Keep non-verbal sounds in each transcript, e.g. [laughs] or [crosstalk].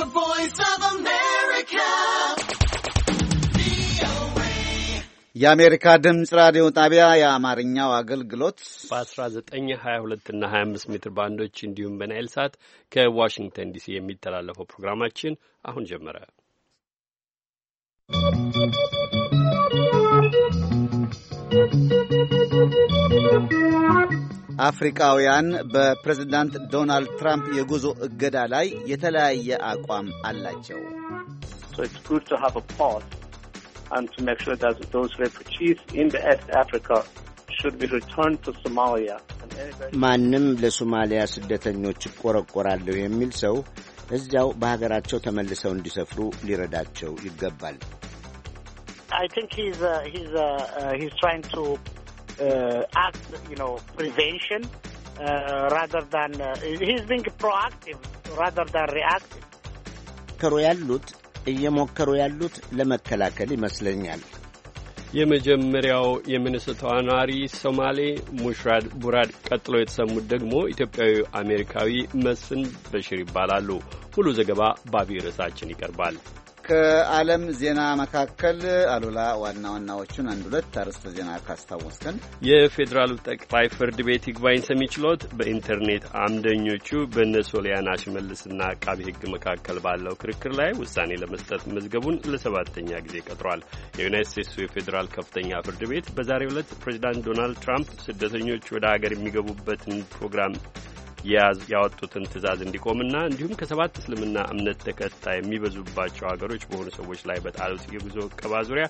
The Voice of America. የአሜሪካ ድምፅ ራዲዮ ጣቢያ የአማርኛው አገልግሎት በ1922 እና 25 ሜትር ባንዶች እንዲሁም በናይል ሳት ከዋሽንግተን ዲሲ የሚተላለፈው ፕሮግራማችን አሁን ጀመረ። ¶¶ አፍሪካውያን በፕሬዝዳንት ዶናልድ ትራምፕ የጉዞ እገዳ ላይ የተለያየ አቋም አላቸው። ማንም ለሶማሊያ ስደተኞች እቆረቆራለሁ የሚል ሰው እዚያው በሀገራቸው ተመልሰው እንዲሰፍሩ ሊረዳቸው ይገባል። Uh, act, you know, prevention uh, rather than uh, he's being proactive rather than reactive. ከሩ ያሉት እየሞከሩ ያሉት ለመከላከል ይመስለኛል። የመጀመሪያው የሚኒሶታ ተዋናሪ ሶማሌ ሙሽራድ ቡራድ፣ ቀጥሎ የተሰሙት ደግሞ ኢትዮጵያዊ አሜሪካዊ መስፍን በሽር ይባላሉ። ሙሉ ዘገባ በአብይ ርዕሳችን ይቀርባል። ከዓለም ዜና መካከል አሉላ ዋና ዋናዎቹን አንድ ሁለት አርዕስተ ዜና ካስታወስከን የፌዴራሉ ጠቅላይ ፍርድ ቤት ይግባኝ ሰሚ ችሎት በኢንተርኔት አምደኞቹ በእነ ሶሊያና ሽመልስና አቃቢ ሕግ መካከል ባለው ክርክር ላይ ውሳኔ ለመስጠት መዝገቡን ለሰባተኛ ጊዜ ቀጥሯል። የዩናይት ስቴትሱ የፌዴራል ከፍተኛ ፍርድ ቤት በዛሬው ዕለት ፕሬዚዳንት ዶናልድ ትራምፕ ስደተኞች ወደ አገር የሚገቡበትን ፕሮግራም ያወጡትን ትዕዛዝ እንዲቆምና እንዲሁም ከሰባት እስልምና እምነት ተከታይ የሚበዙባቸው ሀገሮች በሆኑ ሰዎች ላይ በጣሉት የጉዞ እቀባ ዙሪያ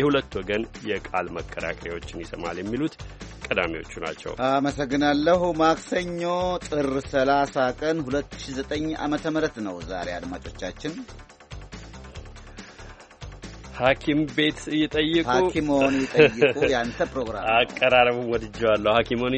የሁለት ወገን የቃል መከራከሪያዎችን ይሰማል የሚሉት ቀዳሚዎቹ ናቸው። አመሰግናለሁ። ማክሰኞ ጥር 30 ቀን 2009 ዓ ም ነው ዛሬ አድማጮቻችን ሐኪም ቤት ይጠይቁ ሐኪሞን ይጠይቁ ያንተ ፕሮግራም አቀራረቡ ወድጀዋለሁ። ሐኪሞን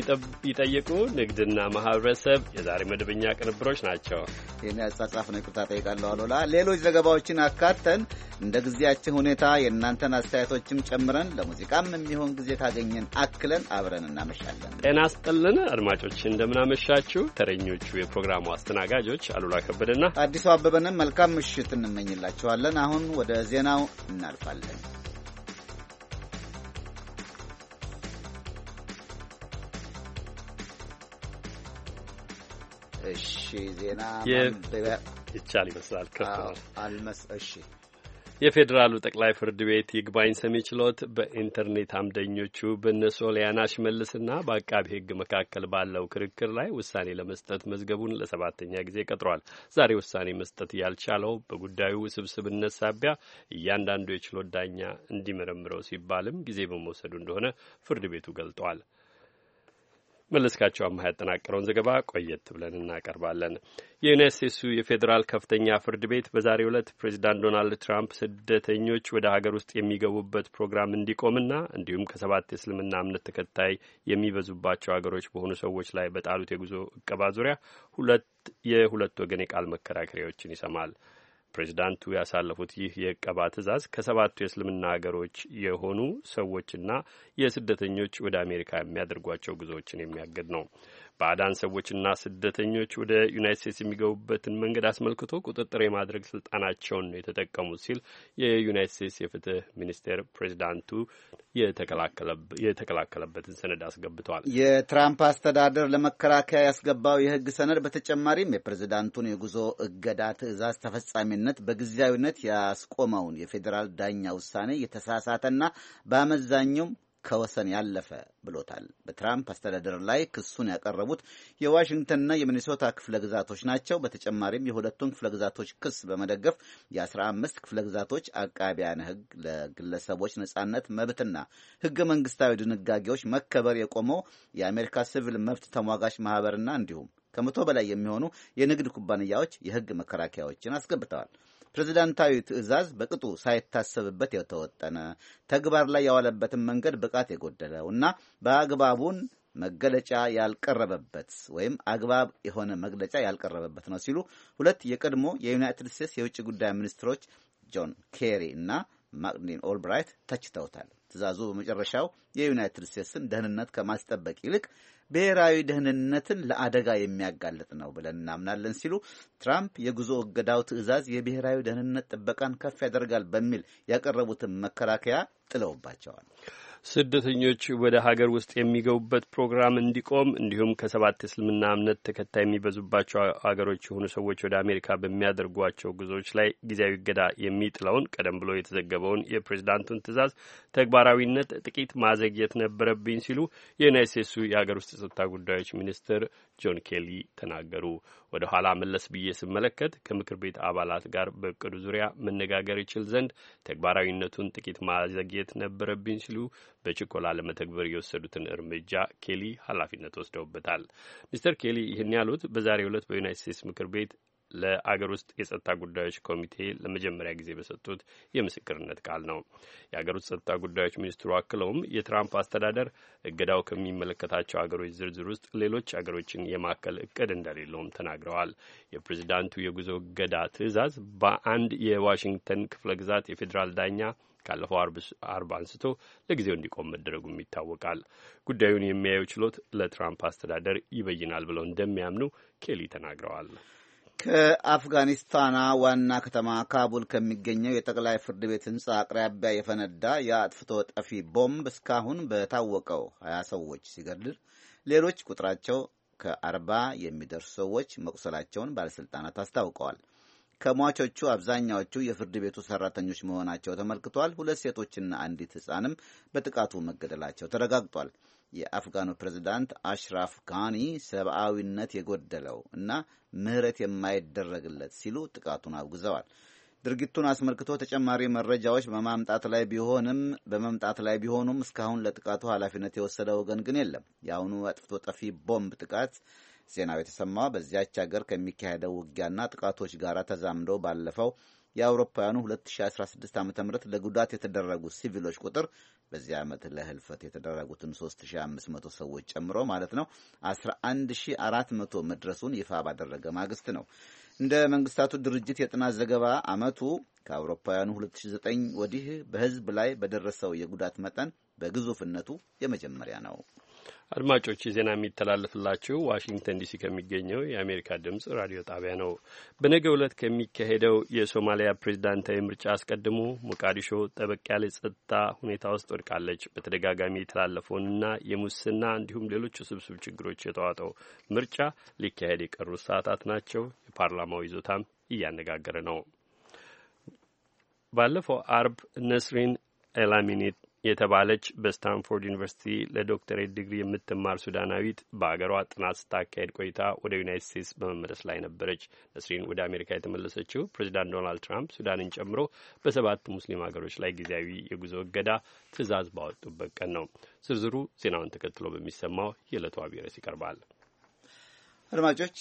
ይጠይቁ ንግድና ማህበረሰብ የዛሬ መደበኛ ቅንብሮች ናቸው። ይህን ያጻጻፍ ነው ቁጣ ጠይቃለሁ። አሎላ ሌሎች ዘገባዎችን አካተን እንደ ጊዜያችን ሁኔታ የእናንተን አስተያየቶችም ጨምረን ለሙዚቃም የሚሆን ጊዜ ካገኘን አክለን አብረን እናመሻለን። ጤና ስጥልን አድማጮች፣ እንደምናመሻችሁ። ተረኞቹ የፕሮግራሙ አስተናጋጆች አሉላ ከበደና አዲሱ አበበንን መልካም ምሽት እንመኝላችኋለን። አሁን ወደ ዜናው እና النار طلعت الشي زينا نعم يتشالي بس على الكرت آه، المس الشي የፌዴራሉ ጠቅላይ ፍርድ ቤት ይግባኝ ሰሚ ችሎት በኢንተርኔት አምደኞቹ በነ ሶሊያና ሽመልስና በአቃቢ ሕግ መካከል ባለው ክርክር ላይ ውሳኔ ለመስጠት መዝገቡን ለሰባተኛ ጊዜ ቀጥሯል። ዛሬ ውሳኔ መስጠት ያልቻለው በጉዳዩ ውስብስብነት ሳቢያ እያንዳንዱ የችሎት ዳኛ እንዲመረምረው ሲባልም ጊዜ በመውሰዱ እንደሆነ ፍርድ ቤቱ ገልጧል። መለስካቸው አማህ ያጠናቀረውን ዘገባ ቆየት ብለን እናቀርባለን። የዩናይት ስቴትሱ የፌዴራል ከፍተኛ ፍርድ ቤት በዛሬው ዕለት ፕሬዚዳንት ዶናልድ ትራምፕ ስደተኞች ወደ ሀገር ውስጥ የሚገቡበት ፕሮግራም እንዲቆምና እንዲሁም ከሰባት የእስልምና እምነት ተከታይ የሚበዙባቸው ሀገሮች በሆኑ ሰዎች ላይ በጣሉት የጉዞ እቀባ ዙሪያ ሁለት የሁለት ወገን የቃል መከራከሪያዎችን ይሰማል። ፕሬዚዳንቱ ያሳለፉት ይህ የእቀባ ትዕዛዝ ከሰባቱ የእስልምና ሀገሮች የሆኑ ሰዎችና የስደተኞች ወደ አሜሪካ የሚያደርጓቸው ጉዞዎችን የሚያግድ ነው። ባዕዳን ሰዎችና ስደተኞች ወደ ዩናይት ስቴትስ የሚገቡበትን መንገድ አስመልክቶ ቁጥጥር የማድረግ ስልጣናቸውን ነው የተጠቀሙት ሲል የዩናይት ስቴትስ የፍትህ ሚኒስቴር ፕሬዚዳንቱ የተከላከለበትን ሰነድ አስገብተዋል። የትራምፕ አስተዳደር ለመከላከያ ያስገባው የህግ ሰነድ በተጨማሪም የፕሬዚዳንቱን የጉዞ እገዳ ትዕዛዝ ተፈጻሚነት በጊዜያዊነት ያስቆመውን የፌዴራል ዳኛ ውሳኔ የተሳሳተና በአመዛኙም ከወሰን ያለፈ ብሎታል። በትራምፕ አስተዳደር ላይ ክሱን ያቀረቡት የዋሽንግተንና የሚኒሶታ ክፍለ ግዛቶች ናቸው። በተጨማሪም የሁለቱን ክፍለ ግዛቶች ክስ በመደገፍ የ15 ክፍለ ግዛቶች አቃቢያን ሕግ ለግለሰቦች ነጻነት መብትና ሕገ መንግስታዊ ድንጋጌዎች መከበር የቆመው የአሜሪካ ሲቪል መብት ተሟጋች ማህበርና እንዲሁም ከመቶ በላይ የሚሆኑ የንግድ ኩባንያዎች የሕግ መከራከያዎችን አስገብተዋል። ፕሬዚዳንታዊ ትዕዛዝ በቅጡ ሳይታሰብበት የተወጠነ ተግባር ላይ ያዋለበትን መንገድ ብቃት የጎደለው እና በአግባቡን መገለጫ ያልቀረበበት ወይም አግባብ የሆነ መግለጫ ያልቀረበበት ነው ሲሉ ሁለት የቀድሞ የዩናይትድ ስቴትስ የውጭ ጉዳይ ሚኒስትሮች ጆን ኬሪ እና ማቅኒን ኦልብራይት ተችተውታል። ትዕዛዙ በመጨረሻው የዩናይትድ ስቴትስን ደህንነት ከማስጠበቅ ይልቅ ብሔራዊ ደህንነትን ለአደጋ የሚያጋልጥ ነው ብለን እናምናለን ሲሉ ትራምፕ የጉዞ እገዳው ትዕዛዝ የብሔራዊ ደህንነት ጥበቃን ከፍ ያደርጋል በሚል ያቀረቡትን መከራከያ ጥለውባቸዋል። ስደተኞች ወደ ሀገር ውስጥ የሚገቡበት ፕሮግራም እንዲቆም እንዲሁም ከሰባት እስልምና እምነት ተከታይ የሚበዙባቸው ሀገሮች የሆኑ ሰዎች ወደ አሜሪካ በሚያደርጓቸው ጉዞዎች ላይ ጊዜያዊ እገዳ የሚጥለውን ቀደም ብሎ የተዘገበውን የፕሬዚዳንቱን ትዕዛዝ ተግባራዊነት ጥቂት ማዘግየት ነበረብኝ ሲሉ የዩናይት ስቴትሱ የሀገር ውስጥ የጸጥታ ጉዳዮች ሚኒስትር ጆን ኬሊ ተናገሩ። ወደ ኋላ መለስ ብዬ ስመለከት ከምክር ቤት አባላት ጋር በእቅዱ ዙሪያ መነጋገር ይችል ዘንድ ተግባራዊነቱን ጥቂት ማዘግየት ነበረብኝ ሲሉ በችኮላ ለመተግበር የወሰዱትን እርምጃ ኬሊ ኃላፊነት ወስደውበታል። ሚስተር ኬሊ ይህን ያሉት በዛሬው ዕለት በዩናይት ስቴትስ ምክር ቤት ለአገር ውስጥ የጸጥታ ጉዳዮች ኮሚቴ ለመጀመሪያ ጊዜ በሰጡት የምስክርነት ቃል ነው። የአገር ውስጥ ጸጥታ ጉዳዮች ሚኒስትሩ አክለውም የትራምፕ አስተዳደር እገዳው ከሚመለከታቸው አገሮች ዝርዝር ውስጥ ሌሎች አገሮችን የማከል እቅድ እንደሌለውም ተናግረዋል። የፕሬዚዳንቱ የጉዞ እገዳ ትዕዛዝ በአንድ የዋሽንግተን ክፍለ ግዛት የፌዴራል ዳኛ ካለፈው አርብ አንስቶ ለጊዜው እንዲቆም መደረጉም ይታወቃል። ጉዳዩን የሚያየው ችሎት ለትራምፕ አስተዳደር ይበይናል ብለው እንደሚያምኑ ኬሊ ተናግረዋል። ከአፍጋኒስታና ዋና ከተማ ካቡል ከሚገኘው የጠቅላይ ፍርድ ቤት ህንፃ አቅራቢያ የፈነዳ የአጥፍቶ ጠፊ ቦምብ እስካሁን በታወቀው ሀያ ሰዎች ሲገድል ሌሎች ቁጥራቸው ከአርባ የሚደርሱ ሰዎች መቁሰላቸውን ባለሥልጣናት አስታውቀዋል። ከሟቾቹ አብዛኛዎቹ የፍርድ ቤቱ ሰራተኞች መሆናቸው ተመልክቷል። ሁለት ሴቶችና አንዲት ህፃንም በጥቃቱ መገደላቸው ተረጋግጧል። የአፍጋኑ ፕሬዚዳንት አሽራፍ ጋኒ ሰብአዊነት የጎደለው እና ምህረት የማይደረግለት ሲሉ ጥቃቱን አውግዘዋል። ድርጊቱን አስመልክቶ ተጨማሪ መረጃዎች በማምጣት ላይ ቢሆንም በመምጣት ላይ ቢሆኑም እስካሁን ለጥቃቱ ኃላፊነት የወሰደ ወገን ግን የለም። የአሁኑ አጥፍቶ ጠፊ ቦምብ ጥቃት ዜናው የተሰማው በዚያች ሀገር ከሚካሄደው ውጊያና ጥቃቶች ጋር ተዛምዶ ባለፈው የአውሮፓውያኑ 2016 ዓ ም ለጉዳት የተደረጉ ሲቪሎች ቁጥር በዚህ ዓመት ለህልፈት የተደረጉትን 3500 ሰዎች ጨምሮ ማለት ነው 11400 መድረሱን ይፋ ባደረገ ማግስት ነው። እንደ መንግስታቱ ድርጅት የጥናት ዘገባ አመቱ ከአውሮፓውያኑ 2009 ወዲህ በህዝብ ላይ በደረሰው የጉዳት መጠን በግዙፍነቱ የመጀመሪያ ነው። አድማጮች ዜና የሚተላለፍላችሁ ዋሽንግተን ዲሲ ከሚገኘው የአሜሪካ ድምጽ ራዲዮ ጣቢያ ነው። በነገ ዕለት ከሚካሄደው የሶማሊያ ፕሬዚዳንታዊ ምርጫ አስቀድሞ ሞቃዲሾ ጠበቅ ያለ ጸጥታ ሁኔታ ውስጥ ወድቃለች። በተደጋጋሚ የተላለፈውንና የሙስና እንዲሁም ሌሎች ውስብስብ ችግሮች የተዋጠው ምርጫ ሊካሄድ የቀሩት ሰዓታት ናቸው። የፓርላማው ይዞታም እያነጋገረ ነው። ባለፈው አርብ ነስሪን ኤላሚኔት የተባለች በስታንፎርድ ዩኒቨርሲቲ ለዶክተሬት ዲግሪ የምትማር ሱዳናዊት በአገሯ ጥናት ስታካሄድ ቆይታ ወደ ዩናይት ስቴትስ በመመለስ ላይ ነበረች። ነስሪን ወደ አሜሪካ የተመለሰችው ፕሬዚዳንት ዶናልድ ትራምፕ ሱዳንን ጨምሮ በሰባት ሙስሊም ሀገሮች ላይ ጊዜያዊ የጉዞ እገዳ ትዕዛዝ ባወጡበት ቀን ነው። ዝርዝሩ ዜናውን ተከትሎ በሚሰማው የዕለቷ ቢረስ ይቀርባል። አድማጮች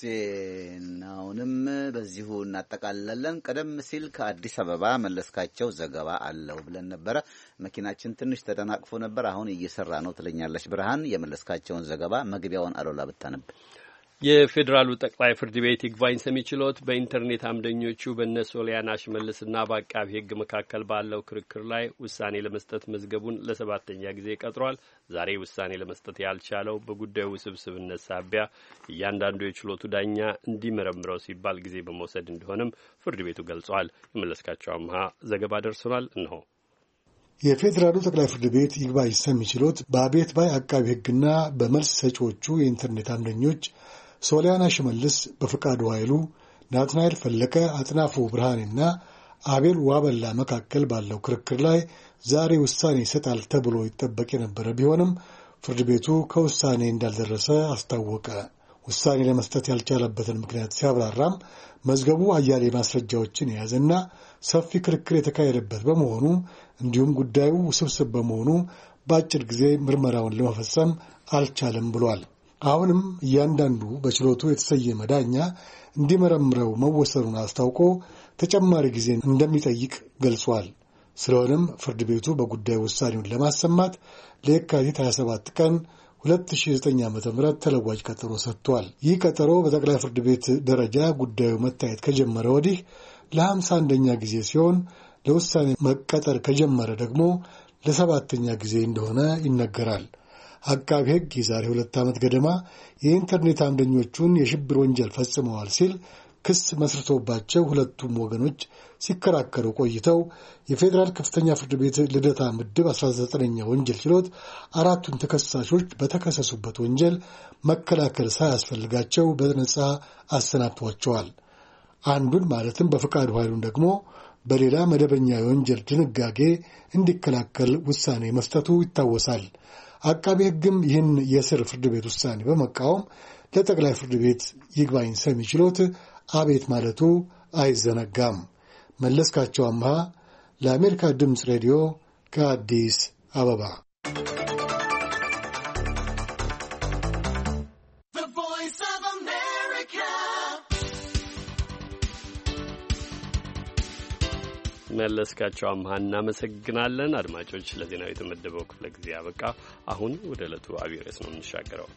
ዜናውንም በዚሁ እናጠቃላለን ቀደም ሲል ከአዲስ አበባ መለስካቸው ዘገባ አለው ብለን ነበረ። መኪናችን ትንሽ ተደናቅፎ ነበር። አሁን እየሰራ ነው ትለኛለች ብርሃን። የመለስካቸውን ዘገባ መግቢያውን አሎላ ብታነብ የፌዴራሉ ጠቅላይ ፍርድ ቤት ይግባኝ ሰሚ ችሎት በኢንተርኔት አምደኞቹ በእነ ሶሊያና ሽመልስና በአቃቢ ሕግ መካከል ባለው ክርክር ላይ ውሳኔ ለመስጠት መዝገቡን ለሰባተኛ ጊዜ ቀጥሯል። ዛሬ ውሳኔ ለመስጠት ያልቻለው በጉዳዩ ውስብስብነት ሳቢያ እያንዳንዱ የችሎቱ ዳኛ እንዲመረምረው ሲባል ጊዜ በመውሰድ እንደሆነም ፍርድ ቤቱ ገልጿል። የመለስካቸው አምሃ ዘገባ ደርሶናል እንሆ። የፌዴራሉ ጠቅላይ ፍርድ ቤት ይግባኝ ሰሚ ችሎት በአቤት ባይ አቃቢ ሕግና በመልስ ሰጪዎቹ የኢንተርኔት አምደኞች ሶሊያና ሽመልስ፣ በፍቃዱ ኃይሉ፣ ናትናኤል ፈለቀ፣ አጥናፉ ብርሃኔና አቤል ዋበላ መካከል ባለው ክርክር ላይ ዛሬ ውሳኔ ይሰጣል ተብሎ ይጠበቅ የነበረ ቢሆንም ፍርድ ቤቱ ከውሳኔ እንዳልደረሰ አስታወቀ። ውሳኔ ለመስጠት ያልቻለበትን ምክንያት ሲያብራራም መዝገቡ አያሌ ማስረጃዎችን የያዘና ሰፊ ክርክር የተካሄደበት በመሆኑ እንዲሁም ጉዳዩ ውስብስብ በመሆኑ በአጭር ጊዜ ምርመራውን ለመፈጸም አልቻለም ብሏል። አሁንም እያንዳንዱ በችሎቱ የተሰየመ ዳኛ እንዲመረምረው መወሰኑን አስታውቆ ተጨማሪ ጊዜ እንደሚጠይቅ ገልጿል። ስለሆነም ፍርድ ቤቱ በጉዳዩ ውሳኔውን ለማሰማት ለየካቲት 27 ቀን 2009 ዓ ም ተለዋጅ ቀጠሮ ሰጥቷል። ይህ ቀጠሮ በጠቅላይ ፍርድ ቤት ደረጃ ጉዳዩ መታየት ከጀመረ ወዲህ ለ51ኛ ጊዜ ሲሆን ለውሳኔ መቀጠር ከጀመረ ደግሞ ለሰባተኛ ጊዜ እንደሆነ ይነገራል። አቃቢ ሕግ የዛሬ ሁለት ዓመት ገደማ የኢንተርኔት አምደኞቹን የሽብር ወንጀል ፈጽመዋል ሲል ክስ መስርቶባቸው ሁለቱም ወገኖች ሲከራከሩ ቆይተው የፌዴራል ከፍተኛ ፍርድ ቤት ልደታ ምድብ 19ኛ ወንጀል ችሎት አራቱን ተከሳሾች በተከሰሱበት ወንጀል መከላከል ሳያስፈልጋቸው በነጻ አሰናብቷቸዋል። አንዱን ማለትም በፈቃዱ ኃይሉን ደግሞ በሌላ መደበኛ የወንጀል ድንጋጌ እንዲከላከል ውሳኔ መስጠቱ ይታወሳል። አቃቢ ሕግም ይህን የስር ፍርድ ቤት ውሳኔ በመቃወም ለጠቅላይ ፍርድ ቤት ይግባኝ ሰሚ ችሎት አቤት ማለቱ አይዘነጋም። መለስካቸው አምሃ ለአሜሪካ ድምፅ ሬዲዮ ከአዲስ አበባ መለስካቸው አምሃ እናመሰግናለን። አድማጮች፣ ለዜናው የተመደበው ክፍለ ጊዜ አበቃ። አሁን ወደ ዕለቱ አብይ ርዕስ ነው የምንሻገረው።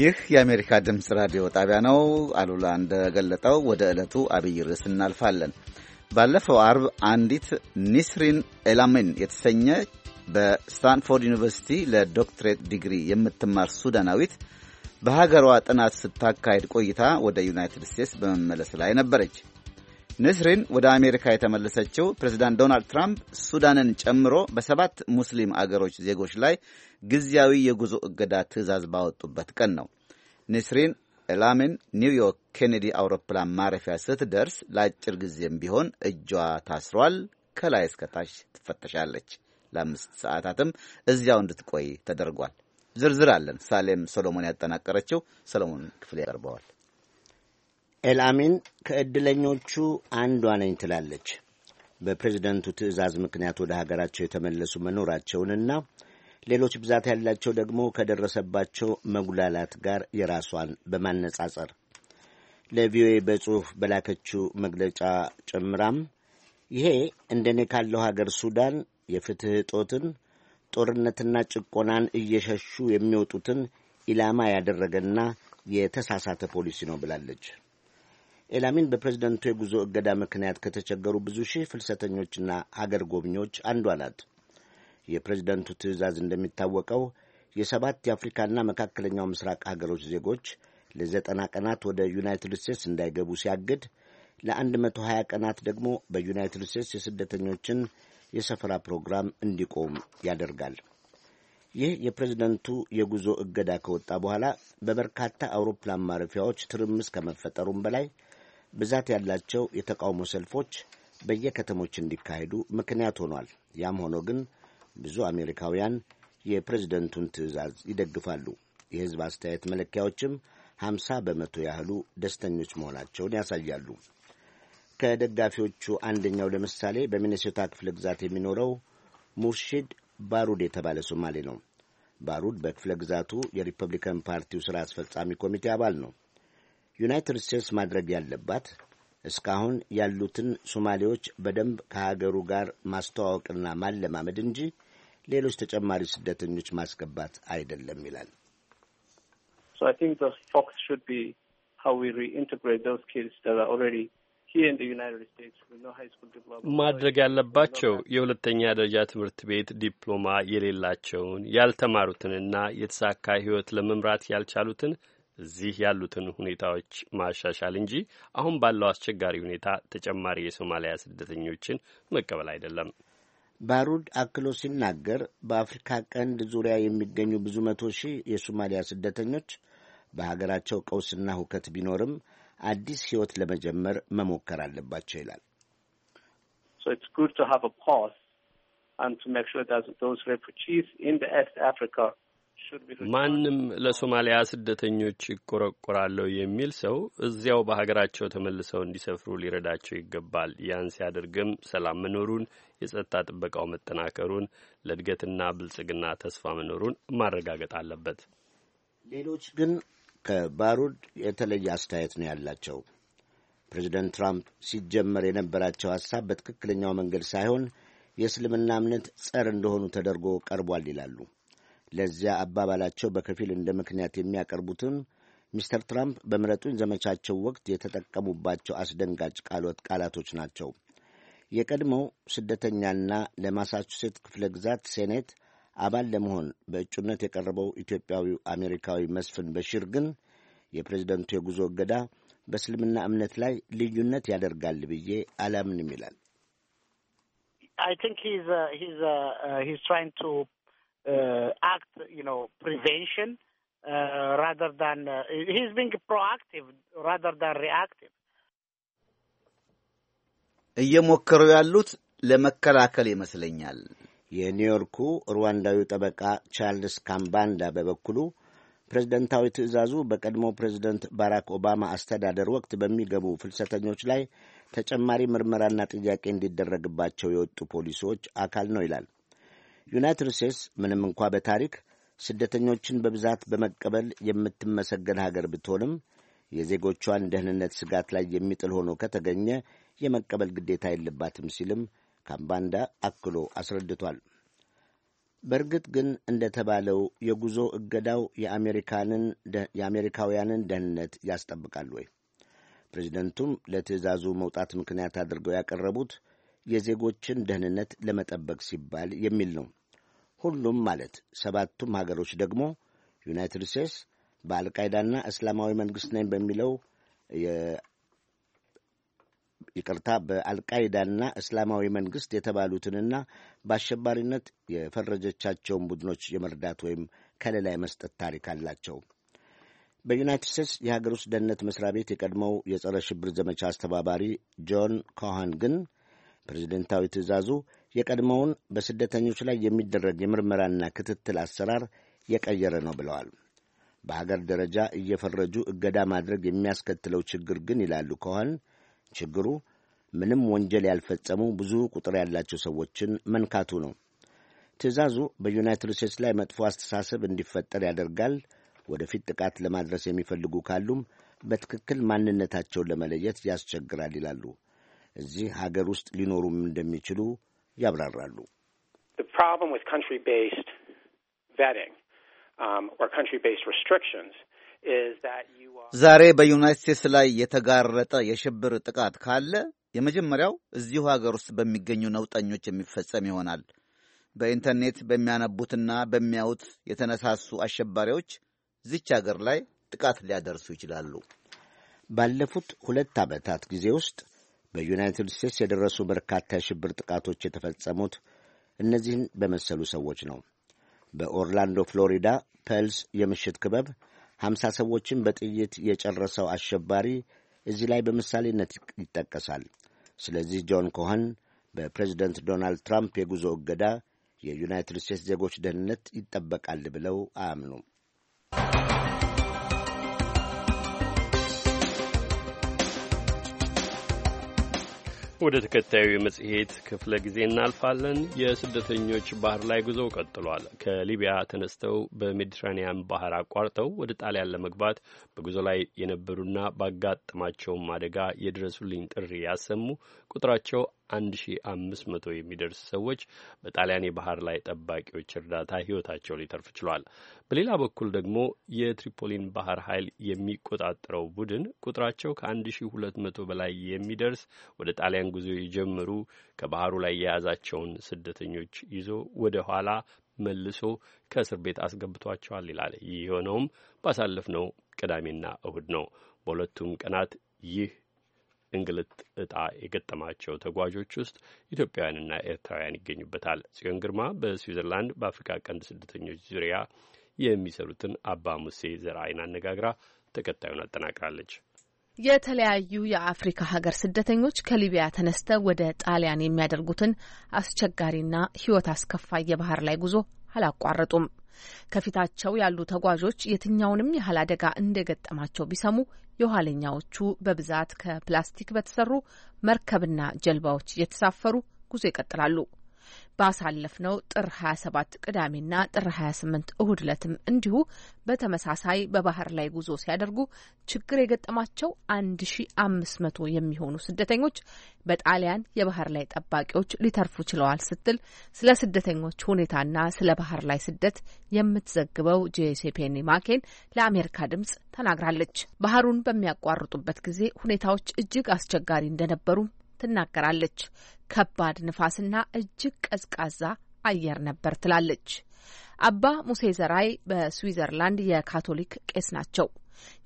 ይህ የአሜሪካ ድምፅ ራዲዮ ጣቢያ ነው። አሉላ እንደገለጠው ወደ ዕለቱ አብይ ርዕስ እናልፋለን። ባለፈው አርብ አንዲት ኒስሪን ኤላሚን የተሰኘ በስታንፎርድ ዩኒቨርሲቲ ለዶክትሬት ዲግሪ የምትማር ሱዳናዊት በሀገሯ ጥናት ስታካሄድ ቆይታ ወደ ዩናይትድ ስቴትስ በመመለስ ላይ ነበረች። ንስሪን ወደ አሜሪካ የተመለሰችው ፕሬዚዳንት ዶናልድ ትራምፕ ሱዳንን ጨምሮ በሰባት ሙስሊም አገሮች ዜጎች ላይ ጊዜያዊ የጉዞ እገዳ ትዕዛዝ ባወጡበት ቀን ነው። ንስሪን ዕላምን ኒውዮርክ ኬኔዲ አውሮፕላን ማረፊያ ስትደርስ ለአጭር ጊዜም ቢሆን እጇ ታስሯል። ከላይ እስከታች ትፈተሻለች። ለአምስት ሰዓታትም እዚያው እንድትቆይ ተደርጓል። ዝርዝር አለን። ሳሌም ሰሎሞን ያጠናቀረችው ሰሎሞን ክፍሌ ያቀርበዋል። ኤልአሚን ከእድለኞቹ አንዷ ነኝ ትላለች። በፕሬዝደንቱ ትዕዛዝ ምክንያት ወደ ሀገራቸው የተመለሱ መኖራቸውንና ሌሎች ብዛት ያላቸው ደግሞ ከደረሰባቸው መጉላላት ጋር የራሷን በማነጻጸር ለቪኦኤ በጽሑፍ በላከችው መግለጫ ጨምራም ይሄ እንደኔ ካለው ሀገር ሱዳን የፍትሕ እጦትን ጦርነትና ጭቆናን እየሸሹ የሚወጡትን ኢላማ ያደረገና የተሳሳተ ፖሊሲ ነው ብላለች። ኤላሚን በፕሬዝደንቱ የጉዞ እገዳ ምክንያት ከተቸገሩ ብዙ ሺህ ፍልሰተኞችና አገር ጎብኚዎች አንዷ ናት። የፕሬዝደንቱ ትዕዛዝ እንደሚታወቀው የሰባት የአፍሪካና መካከለኛው ምስራቅ ሀገሮች ዜጎች ለዘጠና ቀናት ወደ ዩናይትድ ስቴትስ እንዳይገቡ ሲያግድ ለአንድ መቶ ሀያ ቀናት ደግሞ በዩናይትድ ስቴትስ የስደተኞችን የሰፈራ ፕሮግራም እንዲቆም ያደርጋል። ይህ የፕሬዝደንቱ የጉዞ እገዳ ከወጣ በኋላ በበርካታ አውሮፕላን ማረፊያዎች ትርምስ ከመፈጠሩም በላይ ብዛት ያላቸው የተቃውሞ ሰልፎች በየከተሞች እንዲካሄዱ ምክንያት ሆኗል። ያም ሆኖ ግን ብዙ አሜሪካውያን የፕሬዝደንቱን ትዕዛዝ ይደግፋሉ። የሕዝብ አስተያየት መለኪያዎችም 50 በመቶ ያህሉ ደስተኞች መሆናቸውን ያሳያሉ። ከደጋፊዎቹ አንደኛው ለምሳሌ በሚኔሶታ ክፍለ ግዛት የሚኖረው ሙርሺድ ባሩድ የተባለ ሶማሌ ነው። ባሩድ በክፍለ ግዛቱ የሪፐብሊካን ፓርቲው ሥራ አስፈጻሚ ኮሚቴ አባል ነው። ዩናይትድ ስቴትስ ማድረግ ያለባት እስካሁን ያሉትን ሶማሌዎች በደንብ ከሀገሩ ጋር ማስተዋወቅና ማለማመድ እንጂ ሌሎች ተጨማሪ ስደተኞች ማስገባት አይደለም ይላል። ማድረግ ያለባቸው የሁለተኛ ደረጃ ትምህርት ቤት ዲፕሎማ የሌላቸውን ያልተማሩትንና የተሳካ ሕይወት ለመምራት ያልቻሉትን እዚህ ያሉትን ሁኔታዎች ማሻሻል እንጂ አሁን ባለው አስቸጋሪ ሁኔታ ተጨማሪ የሶማሊያ ስደተኞችን መቀበል አይደለም። ባሩድ አክሎ ሲናገር በአፍሪካ ቀንድ ዙሪያ የሚገኙ ብዙ መቶ ሺህ የሶማሊያ ስደተኞች በሀገራቸው ቀውስና ሁከት ቢኖርም አዲስ ህይወት ለመጀመር መሞከር አለባቸው ይላል። ማንም ለሶማሊያ ስደተኞች ይቆረቆራለሁ የሚል ሰው እዚያው በሀገራቸው ተመልሰው እንዲሰፍሩ ሊረዳቸው ይገባል። ያን ሲያደርግም ሰላም መኖሩን፣ የጸጥታ ጥበቃው መጠናከሩን፣ ለእድገትና ብልጽግና ተስፋ መኖሩን ማረጋገጥ አለበት። ሌሎች ግን ከባሩድ የተለየ አስተያየት ነው ያላቸው። ፕሬዚደንት ትራምፕ ሲጀመር የነበራቸው ሐሳብ በትክክለኛው መንገድ ሳይሆን የእስልምና እምነት ጸር እንደሆኑ ተደርጎ ቀርቧል ይላሉ። ለዚያ አባባላቸው በከፊል እንደ ምክንያት የሚያቀርቡትም ሚስተር ትራምፕ በምረጡኝ ዘመቻቸው ወቅት የተጠቀሙባቸው አስደንጋጭ ቃላቶች ናቸው። የቀድሞው ስደተኛና ለማሳቹሴት ክፍለ ግዛት ሴኔት አባል ለመሆን በእጩነት የቀረበው ኢትዮጵያዊው አሜሪካዊ መስፍን በሽር ግን የፕሬዝደንቱ የጉዞ እገዳ በእስልምና እምነት ላይ ልዩነት ያደርጋል ብዬ አላምንም ይላል። እየሞከሩ ያሉት ለመከላከል ይመስለኛል የኒውዮርኩ ሩዋንዳዊ ጠበቃ ቻርልስ ካምባንዳ በበኩሉ ፕሬዝደንታዊ ትዕዛዙ በቀድሞ ፕሬዝደንት ባራክ ኦባማ አስተዳደር ወቅት በሚገቡ ፍልሰተኞች ላይ ተጨማሪ ምርመራና ጥያቄ እንዲደረግባቸው የወጡ ፖሊሲዎች አካል ነው ይላል። ዩናይትድ ስቴትስ ምንም እንኳ በታሪክ ስደተኞችን በብዛት በመቀበል የምትመሰገን ሀገር ብትሆንም የዜጎቿን ደህንነት ስጋት ላይ የሚጥል ሆኖ ከተገኘ የመቀበል ግዴታ የለባትም ሲልም ካምባንዳ አክሎ አስረድቷል። በእርግጥ ግን እንደተባለው የጉዞ እገዳው የአሜሪካውያንን ደህንነት ያስጠብቃል ወይ? ፕሬዚደንቱም ለትዕዛዙ መውጣት ምክንያት አድርገው ያቀረቡት የዜጎችን ደህንነት ለመጠበቅ ሲባል የሚል ነው። ሁሉም ማለት ሰባቱም ሀገሮች ደግሞ ዩናይትድ ስቴትስ በአልቃይዳና እስላማዊ መንግሥት ነኝ በሚለው ይቅርታ በአልቃይዳና እስላማዊ መንግስት የተባሉትንና በአሸባሪነት የፈረጀቻቸውን ቡድኖች የመርዳት ወይም ከሌላ የመስጠት ታሪክ አላቸው። በዩናይትድ ስቴትስ የሀገር ውስጥ ደህንነት መስሪያ ቤት የቀድሞው የጸረ ሽብር ዘመቻ አስተባባሪ ጆን ኮሃን ግን ፕሬዚደንታዊ ትዕዛዙ የቀድሞውን በስደተኞች ላይ የሚደረግ የምርመራና ክትትል አሰራር የቀየረ ነው ብለዋል። በሀገር ደረጃ እየፈረጁ እገዳ ማድረግ የሚያስከትለው ችግር ግን ይላሉ ከሆን ችግሩ ምንም ወንጀል ያልፈጸሙ ብዙ ቁጥር ያላቸው ሰዎችን መንካቱ ነው። ትዕዛዙ በዩናይትድ ስቴትስ ላይ መጥፎ አስተሳሰብ እንዲፈጠር ያደርጋል። ወደፊት ጥቃት ለማድረስ የሚፈልጉ ካሉም በትክክል ማንነታቸውን ለመለየት ያስቸግራል ይላሉ። እዚህ ሀገር ውስጥ ሊኖሩም እንደሚችሉ ያብራራሉ። ዛሬ በዩናይት ስቴትስ ላይ የተጋረጠ የሽብር ጥቃት ካለ የመጀመሪያው እዚሁ ሀገር ውስጥ በሚገኙ ነውጠኞች የሚፈጸም ይሆናል። በኢንተርኔት በሚያነቡትና በሚያዩት የተነሳሱ አሸባሪዎች ዚች ሀገር ላይ ጥቃት ሊያደርሱ ይችላሉ። ባለፉት ሁለት ዓመታት ጊዜ ውስጥ በዩናይትድ ስቴትስ የደረሱ በርካታ የሽብር ጥቃቶች የተፈጸሙት እነዚህን በመሰሉ ሰዎች ነው። በኦርላንዶ ፍሎሪዳ ፐልስ የምሽት ክበብ ሀምሳ ሰዎችን በጥይት የጨረሰው አሸባሪ እዚህ ላይ በምሳሌነት ይጠቀሳል። ስለዚህ ጆን ኮሆን በፕሬዚደንት ዶናልድ ትራምፕ የጉዞ እገዳ የዩናይትድ ስቴትስ ዜጎች ደህንነት ይጠበቃል ብለው አያምኑም። ወደ ተከታዩ የመጽሔት ክፍለ ጊዜ እናልፋለን። የስደተኞች ባህር ላይ ጉዞ ቀጥሏል። ከሊቢያ ተነስተው በሜዲትራኒያን ባህር አቋርጠው ወደ ጣሊያን ለመግባት በጉዞ ላይ የነበሩና ባጋጠማቸውም አደጋ የድረሱልኝ ጥሪ ያሰሙ ቁጥራቸው 1500 የሚደርስ ሰዎች በጣሊያን የባህር ላይ ጠባቂዎች እርዳታ ሕይወታቸው ሊተርፍ ችሏል። በሌላ በኩል ደግሞ የትሪፖሊን ባህር ኃይል የሚቆጣጠረው ቡድን ቁጥራቸው ከ1200 በላይ የሚደርስ ወደ ጣሊያን ጉዞ የጀመሩ ከባህሩ ላይ የያዛቸውን ስደተኞች ይዞ ወደ ኋላ መልሶ ከእስር ቤት አስገብቷቸዋል ይላል። ይህ የሆነውም ባሳለፍነው ቅዳሜና እሁድ ነው። በሁለቱም ቀናት ይህ እንግልት እጣ የገጠማቸው ተጓዦች ውስጥ ኢትዮጵያውያንና ኤርትራውያን ይገኙበታል። ጽዮን ግርማ በስዊዘርላንድ በአፍሪካ ቀንድ ስደተኞች ዙሪያ የሚሰሩትን አባ ሙሴ ዘርአይን አነጋግራ ተከታዩን አጠናቅራለች። የተለያዩ የአፍሪካ ሀገር ስደተኞች ከሊቢያ ተነስተው ወደ ጣሊያን የሚያደርጉትን አስቸጋሪና ሕይወት አስከፋይ የባህር ላይ ጉዞ አላቋረጡም። ከፊታቸው ያሉ ተጓዦች የትኛውንም ያህል አደጋ እንደገጠማቸው ቢሰሙ የኋለኛዎቹ በብዛት ከፕላስቲክ በተሰሩ መርከብና ጀልባዎች እየተሳፈሩ ጉዞ ይቀጥላሉ። ባሳለፍነው ጥር 27 ቅዳሜና ጥር 28 እሁድ ዕለትም እንዲሁ በተመሳሳይ በባህር ላይ ጉዞ ሲያደርጉ ችግር የገጠማቸው 1500 የሚሆኑ ስደተኞች በጣሊያን የባህር ላይ ጠባቂዎች ሊተርፉ ችለዋል ስትል ስለ ስደተኞች ሁኔታና ስለ ባህር ላይ ስደት የምትዘግበው ጄሴፔኒ ማኬን ለአሜሪካ ድምጽ ተናግራለች። ባህሩን በሚያቋርጡበት ጊዜ ሁኔታዎች እጅግ አስቸጋሪ እንደነበሩም ትናገራለች። ከባድ ንፋስና እጅግ ቀዝቃዛ አየር ነበር ትላለች። አባ ሙሴ ዘራይ በስዊዘርላንድ የካቶሊክ ቄስ ናቸው።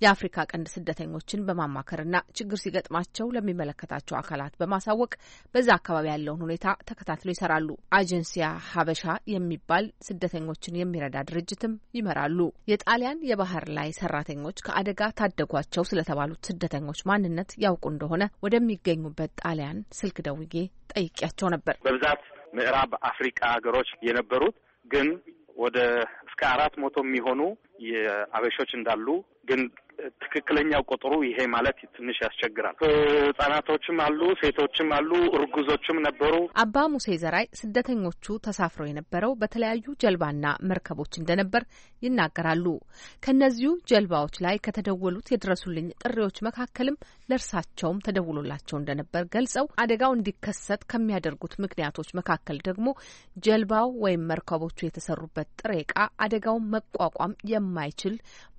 የአፍሪካ ቀንድ ስደተኞችን በማማከርና ችግር ሲገጥማቸው ለሚመለከታቸው አካላት በማሳወቅ በዛ አካባቢ ያለውን ሁኔታ ተከታትሎ ይሰራሉ። አጀንሲያ ሀበሻ የሚባል ስደተኞችን የሚረዳ ድርጅትም ይመራሉ። የጣሊያን የባህር ላይ ሰራተኞች ከአደጋ ታደጓቸው ስለተባሉት ስደተኞች ማንነት ያውቁ እንደሆነ ወደሚገኙበት ጣሊያን ስልክ ደውዬ ጠይቄያቸው ነበር። በብዛት ምዕራብ አፍሪካ ሀገሮች የነበሩት ግን ወደ እስከ አራት መቶ የሚሆኑ የአበሾች እንዳሉ ግን ትክክለኛ ቁጥሩ ይሄ ማለት ትንሽ ያስቸግራል። ህጻናቶችም አሉ፣ ሴቶችም አሉ፣ እርጉዞችም ነበሩ። አባ ሙሴ ዘራይ ስደተኞቹ ተሳፍረው የነበረው በተለያዩ ጀልባና መርከቦች እንደነበር ይናገራሉ። ከእነዚሁ ጀልባዎች ላይ ከተደወሉት የድረሱልኝ ጥሪዎች መካከልም ለእርሳቸውም ተደውሎላቸው እንደነበር ገልጸው አደጋው እንዲከሰት ከሚያደርጉት ምክንያቶች መካከል ደግሞ ጀልባው ወይም መርከቦቹ የተሰሩበት ጥሬ ዕቃ አደጋውን መቋቋም የማይችል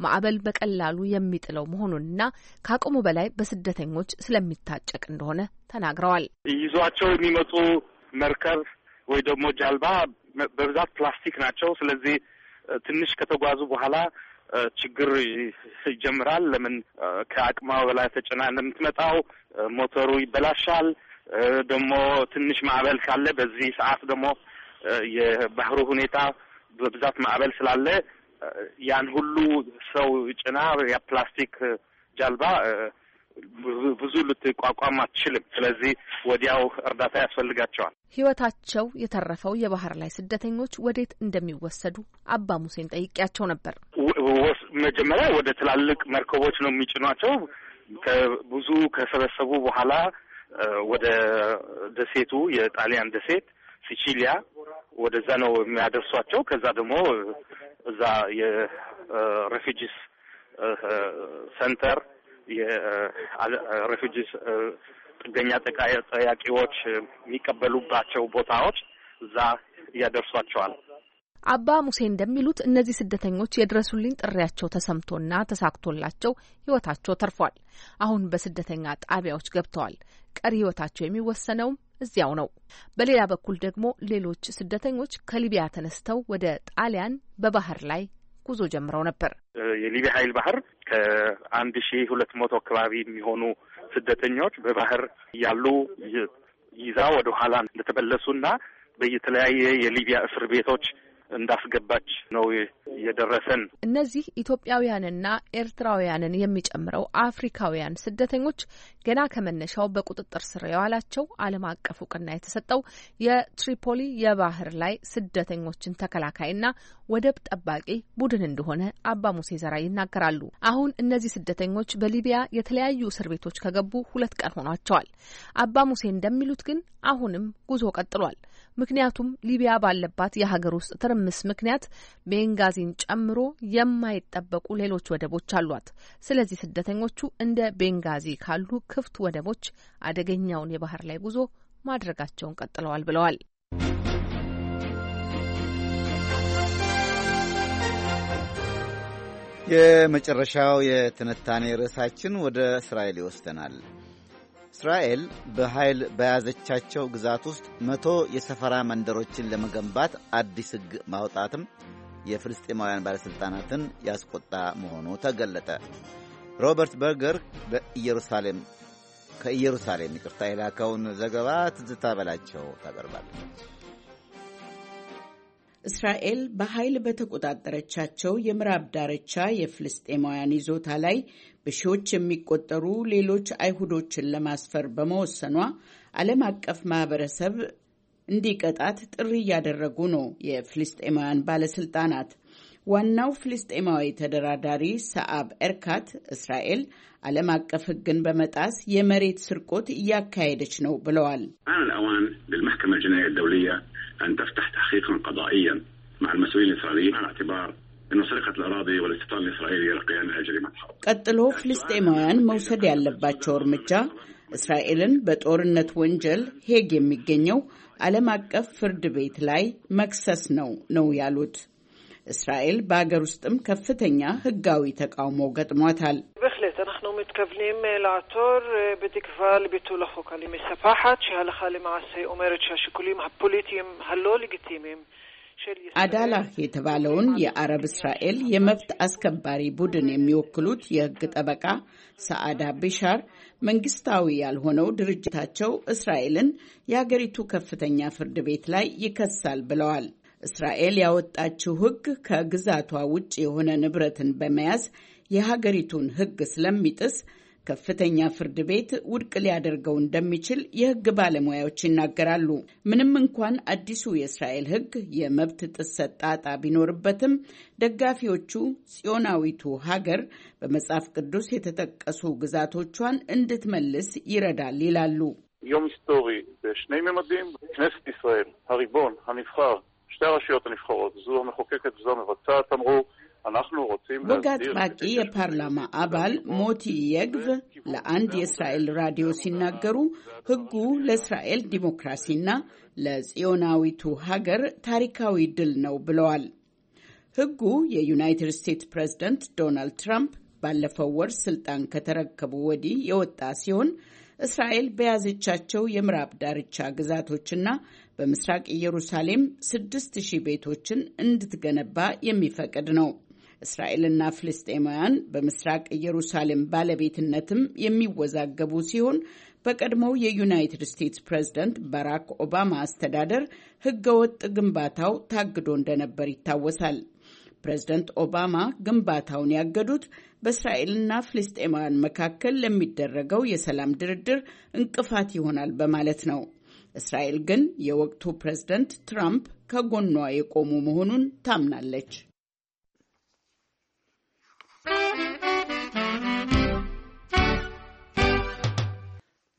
ማዕበል በቀላሉ ስለሚጥለው መሆኑንና ከአቅሙ በላይ በስደተኞች ስለሚታጨቅ እንደሆነ ተናግረዋል። ይዟቸው የሚመጡ መርከብ ወይ ደግሞ ጃልባ በብዛት ፕላስቲክ ናቸው። ስለዚህ ትንሽ ከተጓዙ በኋላ ችግር ይጀምራል። ለምን ከአቅማ በላይ ተጭና እንደምትመጣው ሞተሩ ይበላሻል። ደግሞ ትንሽ ማዕበል ካለ በዚህ ሰዓት ደግሞ የባህሩ ሁኔታ በብዛት ማዕበል ስላለ ያን ሁሉ ሰው ጭና የፕላስቲክ ጀልባ ብዙ ልትቋቋም አትችልም። ስለዚህ ወዲያው እርዳታ ያስፈልጋቸዋል። ህይወታቸው የተረፈው የባህር ላይ ስደተኞች ወዴት እንደሚወሰዱ አባ ሙሴን ጠይቄያቸው ነበር። መጀመሪያ ወደ ትላልቅ መርከቦች ነው የሚጭኗቸው። ብዙ ከሰበሰቡ በኋላ ወደ ደሴቱ የጣሊያን ደሴት ሲቺሊያ ወደዛ ነው የሚያደርሷቸው። ከዛ ደግሞ እዛ የሬፊጂስ ሰንተር የሬፊጂስ ጥገኛ ጠያቂዎች የሚቀበሉባቸው ቦታዎች እዛ ያደርሷቸዋል። አባ ሙሴ እንደሚሉት እነዚህ ስደተኞች የድረሱልኝ ጥሪያቸው ተሰምቶና ተሳክቶላቸው ህይወታቸው ተርፏል። አሁን በስደተኛ ጣቢያዎች ገብተዋል። ቀሪ ህይወታቸው የሚወሰነውም እዚያው ነው። በሌላ በኩል ደግሞ ሌሎች ስደተኞች ከሊቢያ ተነስተው ወደ ጣሊያን በባህር ላይ ጉዞ ጀምረው ነበር። የሊቢያ ኃይል ባህር ከአንድ ሺ ሁለት መቶ አካባቢ የሚሆኑ ስደተኞች በባህር ያሉ ይዛ ወደ ኋላ እንደተመለሱና በየተለያየ የሊቢያ እስር ቤቶች እንዳስገባች ነው የደረሰን። እነዚህ ኢትዮጵያውያንና ኤርትራውያንን የሚጨምረው አፍሪካውያን ስደተኞች ገና ከመነሻው በቁጥጥር ስር የዋላቸው ዓለም አቀፍ እውቅና የተሰጠው የትሪፖሊ የባህር ላይ ስደተኞችን ተከላካይና ወደብ ጠባቂ ቡድን እንደሆነ አባ ሙሴ ዘራ ይናገራሉ። አሁን እነዚህ ስደተኞች በሊቢያ የተለያዩ እስር ቤቶች ከገቡ ሁለት ቀን ሆኗቸዋል። አባ ሙሴ እንደሚሉት ግን አሁንም ጉዞ ቀጥሏል። ምክንያቱም ሊቢያ ባለባት የሀገር ውስጥ ትርምስ ምክንያት ቤንጋዚን ጨምሮ የማይጠበቁ ሌሎች ወደቦች አሏት። ስለዚህ ስደተኞቹ እንደ ቤንጋዚ ካሉ ክፍት ወደቦች አደገኛውን የባህር ላይ ጉዞ ማድረጋቸውን ቀጥለዋል ብለዋል። የመጨረሻው የትንታኔ ርዕሳችን ወደ እስራኤል ይወስደናል። እስራኤል በኃይል በያዘቻቸው ግዛት ውስጥ መቶ የሰፈራ መንደሮችን ለመገንባት አዲስ ሕግ ማውጣትም የፍልስጤማውያን ባለሥልጣናትን ያስቆጣ መሆኑ ተገለጠ። ሮበርት በርገር በኢየሩሳሌም ከኢየሩሳሌም ይቅርታ የላከውን ዘገባ ትዝታ በላቸው ታቀርባለች። እስራኤል በኃይል በተቆጣጠረቻቸው የምዕራብ ዳርቻ የፍልስጤማውያን ይዞታ ላይ በሺዎች የሚቆጠሩ ሌሎች አይሁዶችን ለማስፈር በመወሰኗ ዓለም አቀፍ ማህበረሰብ እንዲቀጣት ጥሪ እያደረጉ ነው የፍልስጤማውያን ባለስልጣናት። ዋናው ፍልስጤማዊ ተደራዳሪ ሰአብ ኤርካት እስራኤል ዓለም አቀፍ ሕግን በመጣስ የመሬት ስርቆት እያካሄደች ነው ብለዋል። أن تفتح تحقيقا قضائيا مع المسؤولين الإسرائيليين على اعتبار እነ ስርቀት ለራዲ ወለስልጣን እስራኤል የረቀያን ያጅሪማት ቀጥሎ ፍልስጤማውያን መውሰድ ያለባቸው እርምጃ እስራኤልን በጦርነት ወንጀል ሄግ የሚገኘው ዓለም አቀፍ ፍርድ ቤት ላይ መክሰስ ነው ነው ያሉት። እስራኤል በአገር ውስጥም ከፍተኛ ሕጋዊ ተቃውሞ ገጥሟታል። אנחנו מתכוונים לעתור בתקווה לביטול החוק אני מספחת שהלכה למעשה אומרת שהשיקולים הפוליטיים הלא לגיטימיים አዳላህ የተባለውን የአረብ እስራኤል የመብት አስከባሪ ቡድን የሚወክሉት የህግ ጠበቃ ሰአዳ ቢሻር መንግስታዊ ያልሆነው ድርጅታቸው እስራኤልን የአገሪቱ ከፍተኛ ፍርድ ቤት ላይ ይከሳል ብለዋል። እስራኤል ያወጣችው ህግ ከግዛቷ ውጭ የሆነ ንብረትን በመያዝ የሀገሪቱን ሕግ ስለሚጥስ ከፍተኛ ፍርድ ቤት ውድቅ ሊያደርገው እንደሚችል የሕግ ባለሙያዎች ይናገራሉ። ምንም እንኳን አዲሱ የእስራኤል ሕግ የመብት ጥሰት ጣጣ ቢኖርበትም ደጋፊዎቹ ጽዮናዊቱ ሀገር በመጽሐፍ ቅዱስ የተጠቀሱ ግዛቶቿን እንድትመልስ ይረዳል ይላሉ። יום היסטורי בשני ממדים, כנסת ישראל, הריבון, הנבחר, שתי הרשויות הנבחרות, זו המחוקקת וזו המבצעת, אמרו אנחנו ወግ አጥባቂ የፓርላማ አባል ሞቲ የግቭ ለአንድ የእስራኤል ራዲዮ ሲናገሩ ሕጉ ለእስራኤል ዲሞክራሲና ለጽዮናዊቱ ሀገር ታሪካዊ ድል ነው ብለዋል። ሕጉ የዩናይትድ ስቴትስ ፕሬዝደንት ዶናልድ ትራምፕ ባለፈው ወር ስልጣን ከተረከቡ ወዲህ የወጣ ሲሆን እስራኤል በያዘቻቸው የምዕራብ ዳርቻ ግዛቶችና በምስራቅ ኢየሩሳሌም ስድስት ሺህ ቤቶችን እንድትገነባ የሚፈቅድ ነው። እስራኤልና ፍልስጤማውያን በምስራቅ ኢየሩሳሌም ባለቤትነትም የሚወዛገቡ ሲሆን በቀድሞው የዩናይትድ ስቴትስ ፕሬዝደንት ባራክ ኦባማ አስተዳደር ህገወጥ ግንባታው ታግዶ እንደነበር ይታወሳል። ፕሬዝደንት ኦባማ ግንባታውን ያገዱት በእስራኤልና ፍልስጤማውያን መካከል ለሚደረገው የሰላም ድርድር እንቅፋት ይሆናል በማለት ነው። እስራኤል ግን የወቅቱ ፕሬዝደንት ትራምፕ ከጎኗ የቆሙ መሆኑን ታምናለች።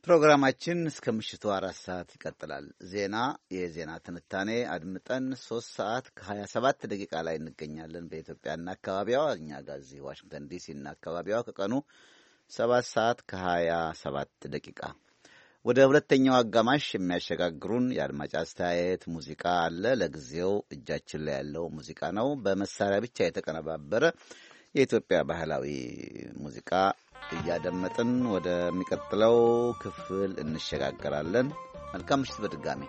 ፕሮግራማችን እስከ ምሽቱ አራት ሰዓት ይቀጥላል። ዜና የዜና ትንታኔ አድምጠን ሶስት ሰዓት ከሀያ ሰባት ደቂቃ ላይ እንገኛለን በኢትዮጵያና አካባቢዋ። እኛ ጋር እዚህ ዋሽንግተን ዲሲና አካባቢዋ ከቀኑ ሰባት ሰዓት ከሀያ ሰባት ደቂቃ ወደ ሁለተኛው አጋማሽ የሚያሸጋግሩን የአድማጭ አስተያየት ሙዚቃ አለ። ለጊዜው እጃችን ላይ ያለው ሙዚቃ ነው። በመሳሪያ ብቻ የተቀነባበረ የኢትዮጵያ ባህላዊ ሙዚቃ እያደመጥን ወደሚቀጥለው ክፍል እንሸጋገራለን። መልካም ምሽት በድጋሚ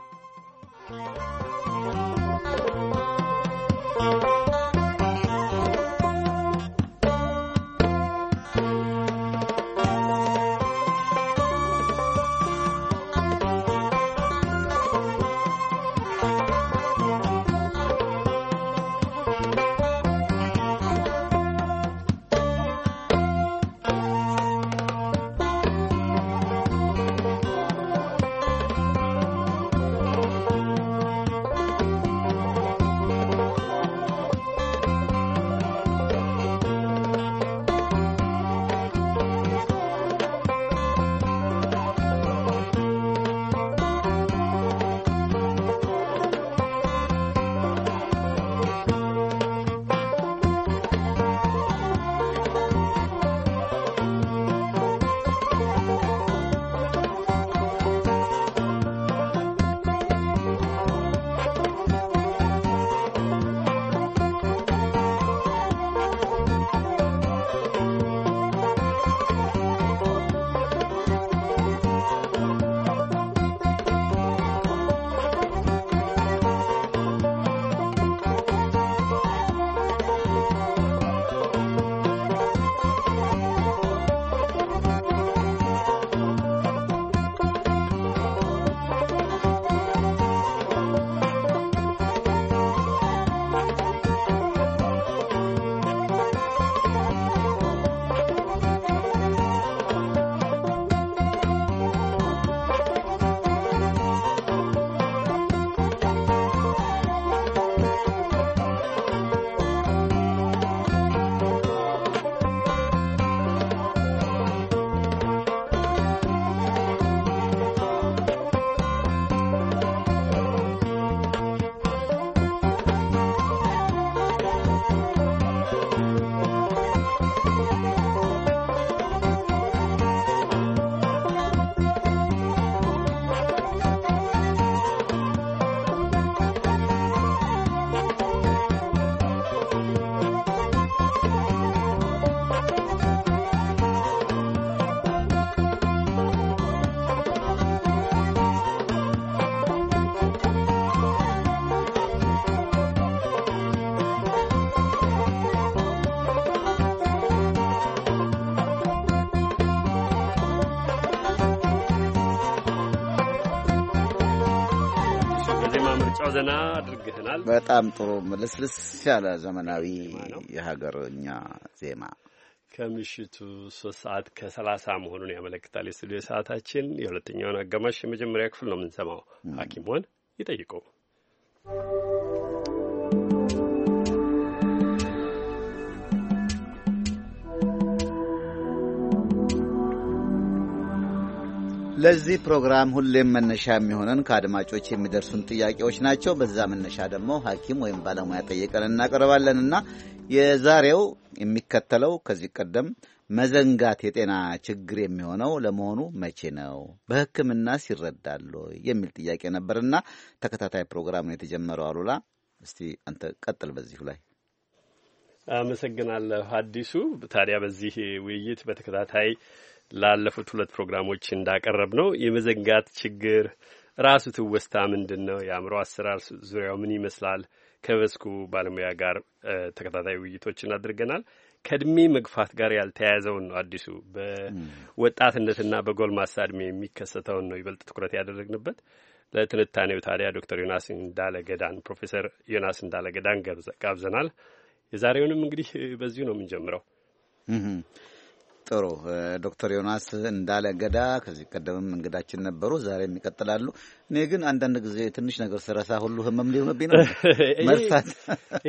በምርጫው ዘና አድርግህናል። በጣም ጥሩ ልስልስ ያለ ዘመናዊ የሀገርኛ ዜማ ከምሽቱ ሶስት ሰዓት ከሰላሳ መሆኑን ያመለክታል። የስቱዲዮ ሰዓታችን የሁለተኛውን አጋማሽ የመጀመሪያ ክፍል ነው የምንሰማው። ሐኪሞን ይጠይቁ ለዚህ ፕሮግራም ሁሌም መነሻ የሚሆነን ከአድማጮች የሚደርሱን ጥያቄዎች ናቸው። በዛ መነሻ ደግሞ ሐኪም ወይም ባለሙያ ጠይቀን እናቀርባለን እና የዛሬው የሚከተለው ከዚህ ቀደም መዘንጋት የጤና ችግር የሚሆነው ለመሆኑ መቼ ነው? በህክምና ሲረዳሉ የሚል ጥያቄ ነበርና ተከታታይ ፕሮግራም ነው የተጀመረው። አሉላ እስቲ አንተ ቀጥል በዚሁ ላይ አመሰግናለሁ። አዲሱ ታዲያ በዚህ ውይይት በተከታታይ ላለፉት ሁለት ፕሮግራሞች እንዳቀረብ ነው የመዘንጋት ችግር ራሱ ትውስታ ምንድን ነው? የአእምሮ አሰራር ዙሪያው ምን ይመስላል? ከበስኩ ባለሙያ ጋር ተከታታይ ውይይቶችን አድርገናል። ከእድሜ መግፋት ጋር ያልተያያዘውን ነው አዲሱ በወጣትነትና በጎልማሳ እድሜ የሚከሰተውን ነው ይበልጥ ትኩረት ያደረግንበት። ለትንታኔው ታዲያ ዶክተር ዮናስ እንዳለገዳን ፕሮፌሰር ዮናስ እንዳለገዳን ጋብዘናል። የዛሬውንም እንግዲህ በዚሁ ነው የምንጀምረው። ጥሩ ዶክተር ዮናስ እንዳለ ገዳ ከዚህ ቀደምም እንግዳችን ነበሩ፣ ዛሬም ይቀጥላሉ። እኔ ግን አንዳንድ ጊዜ ትንሽ ነገር ስረሳ ሁሉ ህመም ሊሆንብኝ ነው [laughs] መርሳት።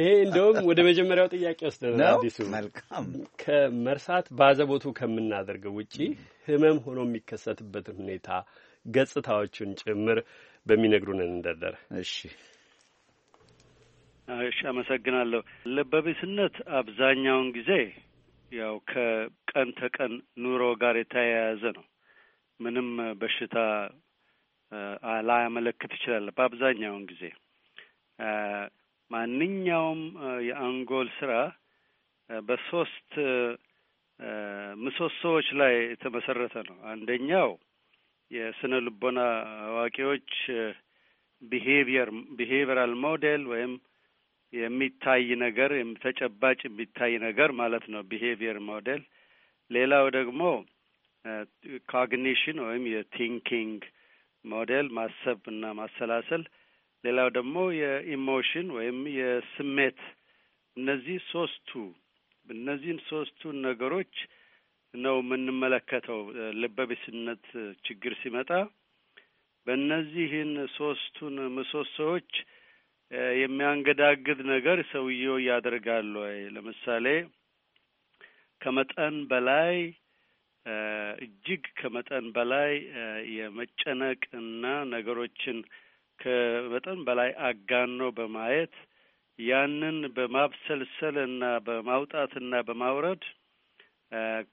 ይሄ እንደውም ወደ መጀመሪያው ጥያቄ ወስደን አዲሱ መልካም ከመርሳት ባዘቦቱ ከምናደርገው ውጪ ህመም ሆኖ የሚከሰትበትን ሁኔታ ገጽታዎቹን ጭምር በሚነግሩን እንደደር። እሺ እሺ፣ አመሰግናለሁ። ልበቢስነት አብዛኛውን ጊዜ ያው ከ ቀን ተቀን ኑሮ ጋር የተያያዘ ነው። ምንም በሽታ ላያመለክት ይችላል። በአብዛኛውን ጊዜ ማንኛውም የአንጎል ስራ በሶስት ምሰሶዎች ላይ የተመሰረተ ነው። አንደኛው የስነ ልቦና አዋቂዎች ቢሄቪየር ቢሄቪራል ሞዴል ወይም የሚታይ ነገር ተጨባጭ የሚታይ ነገር ማለት ነው። ቢሄቪየር ሞዴል ሌላው ደግሞ ኮግኒሽን ወይም የቲንኪንግ ሞዴል ማሰብ እና ማሰላሰል፣ ሌላው ደግሞ የኢሞሽን ወይም የስሜት እነዚህ ሶስቱ እነዚህን ሶስቱ ነገሮች ነው የምንመለከተው። ልበቢስነት ችግር ሲመጣ በእነዚህን ሶስቱን ምሰሶዎች የሚያንገዳግድ ነገር ሰውየው ያደርጋል ወይ? ለምሳሌ ከመጠን በላይ እጅግ ከመጠን በላይ የመጨነቅ እና ነገሮችን ከመጠን በላይ አጋኖ በማየት ያንን በማብሰልሰል እና በማውጣትና በማውረድ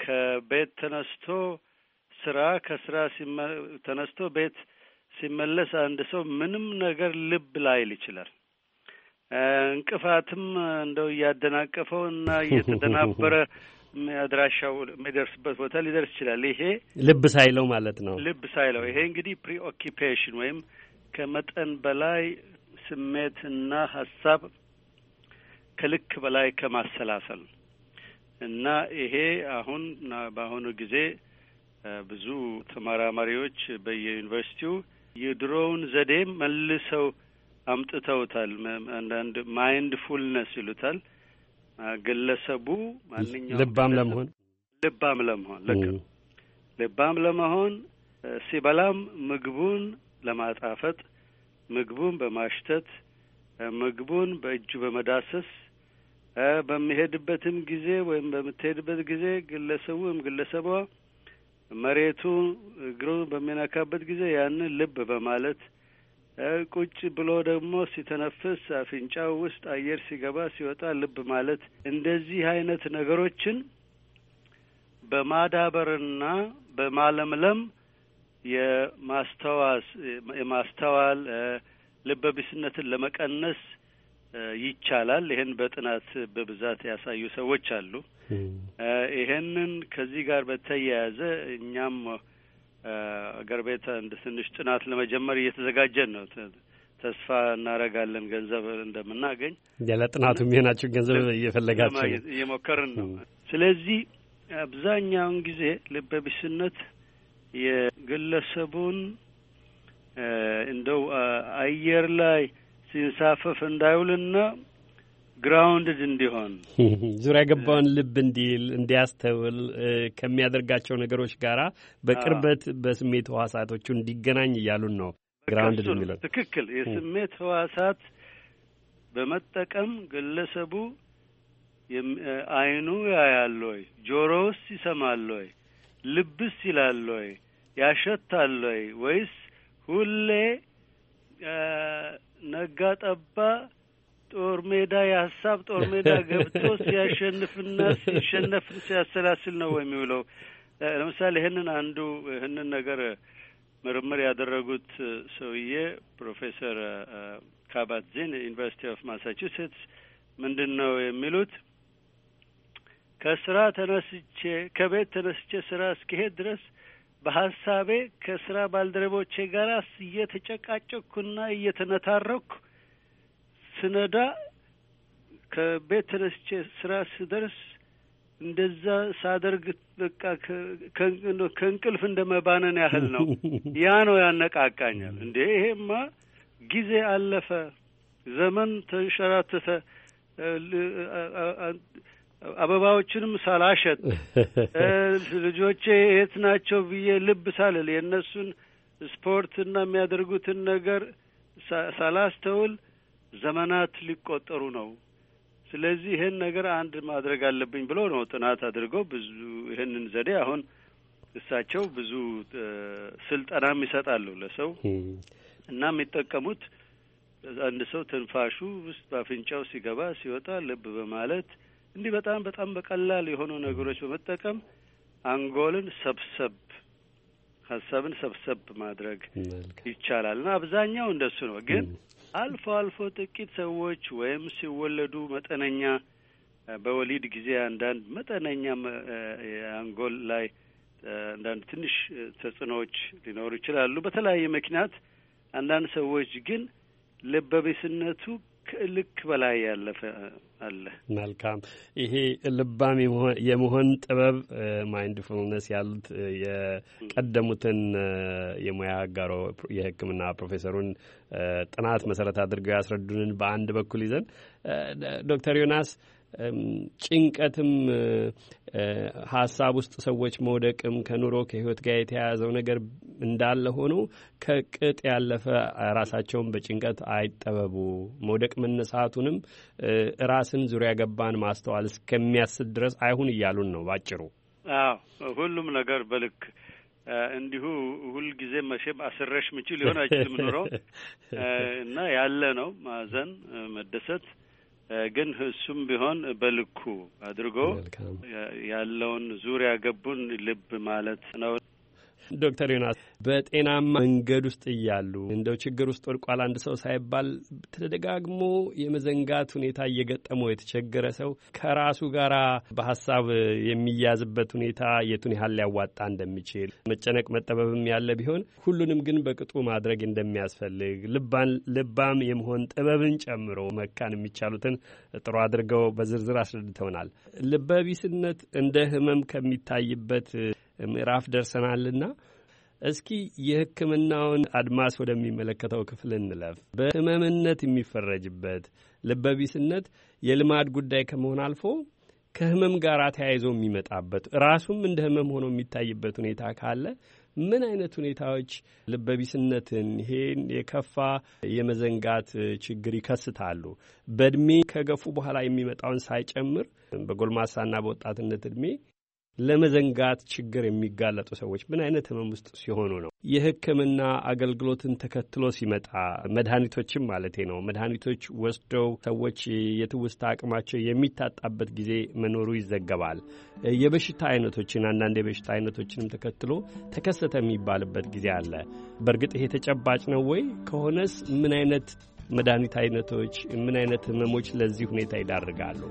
ከቤት ተነስቶ ስራ ከስራ ተነስቶ ቤት ሲመለስ አንድ ሰው ምንም ነገር ልብ ላይል ይችላል። እንቅፋትም እንደው እያደናቀፈው እና እየተደናበረ [laughs] አድራሻው የሚደርስበት ቦታ ሊደርስ ይችላል። ይሄ ልብ ሳይለው ማለት ነው። ልብ ሳይለው ይሄ እንግዲህ ፕሪኦኪፔሽን ወይም ከመጠን በላይ ስሜትና ሀሳብ ከልክ በላይ ከማሰላሰል እና ይሄ አሁን በአሁኑ ጊዜ ብዙ ተመራማሪዎች በየዩኒቨርሲቲው የድሮውን ዘዴ መልሰው አምጥተውታል። አንዳንድ ማይንድ ፉልነስ ይሉታል። ግለሰቡ ማንኛውም ልባም ለመሆን ልባም ለመሆን ልክ ልባም ለመሆን ሲበላም ምግቡን ለማጣፈጥ ምግቡን በማሽተት ምግቡን በእጁ በመዳሰስ በሚሄድበትም ጊዜ ወይም በምትሄድበት ጊዜ ግለሰቡ ወይም ግለሰቧ መሬቱ እግሩ በሚነካበት ጊዜ ያንን ልብ በማለት ቁጭ ብሎ ደግሞ ሲተነፍስ አፍንጫው ውስጥ አየር ሲገባ ሲወጣ ልብ ማለት እንደዚህ አይነት ነገሮችን በማዳበርና በማለምለም የማስተዋስ የማስተዋል ቢስነትን ለመቀነስ ይቻላል። ይህን በጥናት በብዛት ያሳዩ ሰዎች አሉ። ይሄንን ከዚህ ጋር በተያያዘ እኛም አገር ቤት አንድ ትንሽ ጥናት ለመጀመር እየተዘጋጀን ነው። ተስፋ እናደርጋለን ገንዘብ እንደምናገኝ። ለጥናቱ ጥናቱ ገንዘብ እየፈለጋቸው እየሞከርን ነው። ስለዚህ አብዛኛውን ጊዜ ልበቢስነት የግለሰቡን እንደው አየር ላይ ሲንሳፈፍ እንዳይውልና ግራውንድድ እንዲሆን [laughs] ዙሪያ ገባውን ልብ እንዲል እንዲያስተውል ከሚያደርጋቸው ነገሮች ጋራ በቅርበት በስሜት ህዋሳቶቹ እንዲገናኝ እያሉን ነው። ግራውንድድ የሚለው ትክክል። የስሜት ህዋሳት በመጠቀም ግለሰቡ አይኑ ያያል ወይ፣ ጆሮውስ ይሰማል ወይ፣ ልብስ ይላል ወይ፣ ያሸታል ወይ፣ ወይስ ሁሌ ነጋ ጠባ ጦር ሜዳ የሀሳብ ጦር ሜዳ ገብቶ [laughs] ሲያሸንፍና ሲሸነፍ ሲያሰላስል ነው የሚውለው። ለምሳሌ ይህንን አንዱ ይህንን ነገር ምርምር ያደረጉት ሰውዬ ፕሮፌሰር ካባት ዜን ዩኒቨርሲቲ ኦፍ ማሳቹሴትስ ምንድን ነው የሚሉት? ከስራ ተነስቼ ከቤት ተነስቼ ስራ እስኪሄድ ድረስ በሀሳቤ ከስራ ባልደረቦቼ ጋር እየተጨቃጨኩና እየተነታረኩ ስነዳ ከቤት ተነስቼ ስራ ስደርስ እንደዛ ሳደርግ በቃ ከእንቅልፍ እንደ መባነን ያህል ነው። [laughs] ያ ነው ያነቃቃኛል። እንደ ይሄማ ጊዜ አለፈ፣ ዘመን ተንሸራተተ፣ አበባዎችንም ሳላሸጥ [laughs] ልጆቼ የት ናቸው ብዬ ልብ ሳልል የእነሱን ስፖርትና የሚያደርጉትን ነገር ሳላስተውል ዘመናት ሊቆጠሩ ነው። ስለዚህ ይህን ነገር አንድ ማድረግ አለብኝ ብሎ ነው ጥናት አድርገው ብዙ ይህንን ዘዴ አሁን እሳቸው ብዙ ስልጠናም ይሰጣሉ ለሰው እና የሚጠቀሙት አንድ ሰው ትንፋሹ ውስጥ በአፍንጫው ሲገባ ሲወጣ ልብ በማለት እንዲህ በጣም በጣም በቀላል የሆኑ ነገሮች በመጠቀም አንጎልን ሰብሰብ ሀሳብን ሰብሰብ ማድረግ ይቻላል እና አብዛኛው እንደሱ ነው ግን አልፎ አልፎ ጥቂት ሰዎች ወይም ሲወለዱ መጠነኛ በወሊድ ጊዜ አንዳንድ መጠነኛ አንጎል ላይ አንዳንድ ትንሽ ተጽዕኖዎች ሊኖሩ ይችላሉ። በተለያየ ምክንያት አንዳንድ ሰዎች ግን ልበቢስነቱ ከልክ በላይ ያለፈ አለ። መልካም ይሄ ልባም የመሆን ጥበብ ማይንድፉልነስ ያሉት የቀደሙትን የሙያ አጋሮ የሕክምና ፕሮፌሰሩን ጥናት መሰረት አድርገው ያስረዱንን በአንድ በኩል ይዘን ዶክተር ዮናስ ጭንቀትም ሀሳብ ውስጥ ሰዎች መውደቅም ከኑሮ ከህይወት ጋር የተያያዘው ነገር እንዳለ ሆኖ ከቅጥ ያለፈ ራሳቸውን በጭንቀት አይጠበቡ። መውደቅ መነሳቱንም ራስን ዙሪያ ገባን ማስተዋል እስከሚያስል ድረስ አይሁን እያሉን ነው ባጭሩ። አዎ ሁሉም ነገር በልክ እንዲሁ ሁልጊዜ መቼም አስረሽ ምችል ሊሆን አይችልም ኑሮ እና ያለ ነው ማዘን፣ መደሰት ግን እሱም ቢሆን በልኩ አድርጎ ያለውን ዙሪያ ገቡን ልብ ማለት ነው። ዶክተር ዮናስ በጤናማ መንገድ ውስጥ እያሉ እንደው ችግር ውስጥ ወድቋል አንድ ሰው ሳይባል ተደጋግሞ የመዘንጋት ሁኔታ እየገጠመው የተቸገረ ሰው ከራሱ ጋር በሀሳብ የሚያዝበት ሁኔታ የቱን ያህል ሊያዋጣ እንደሚችል መጨነቅ መጠበብም ያለ ቢሆን ሁሉንም ግን በቅጡ ማድረግ እንደሚያስፈልግ ልባን ልባም የመሆን ጥበብን ጨምሮ መካን የሚቻሉትን ጥሩ አድርገው በዝርዝር አስረድተውናል። ልበቢስነት እንደ ህመም ከሚታይበት ምዕራፍ ደርሰናልና እስኪ የሕክምናውን አድማስ ወደሚመለከተው ክፍል እንለፍ። በህመምነት የሚፈረጅበት ልበቢስነት የልማድ ጉዳይ ከመሆን አልፎ ከህመም ጋር ተያይዞ የሚመጣበት ራሱም እንደ ህመም ሆኖ የሚታይበት ሁኔታ ካለ ምን አይነት ሁኔታዎች ልበቢስነትን ይሄን የከፋ የመዘንጋት ችግር ይከስታሉ? በእድሜ ከገፉ በኋላ የሚመጣውን ሳይጨምር በጎልማሳና በወጣትነት እድሜ ለመዘንጋት ችግር የሚጋለጡ ሰዎች ምን አይነት ህመም ውስጥ ሲሆኑ ነው? የህክምና አገልግሎትን ተከትሎ ሲመጣ መድኃኒቶችም ማለቴ ነው። መድኃኒቶች ወስደው ሰዎች የትውስታ አቅማቸው የሚታጣበት ጊዜ መኖሩ ይዘገባል። የበሽታ አይነቶችን አንዳንድ የበሽታ አይነቶችንም ተከትሎ ተከሰተ የሚባልበት ጊዜ አለ። በእርግጥ ይሄ ተጨባጭ ነው ወይ? ከሆነስ ምን አይነት መድኃኒት አይነቶች፣ ምን አይነት ህመሞች ለዚህ ሁኔታ ይዳርጋሉ?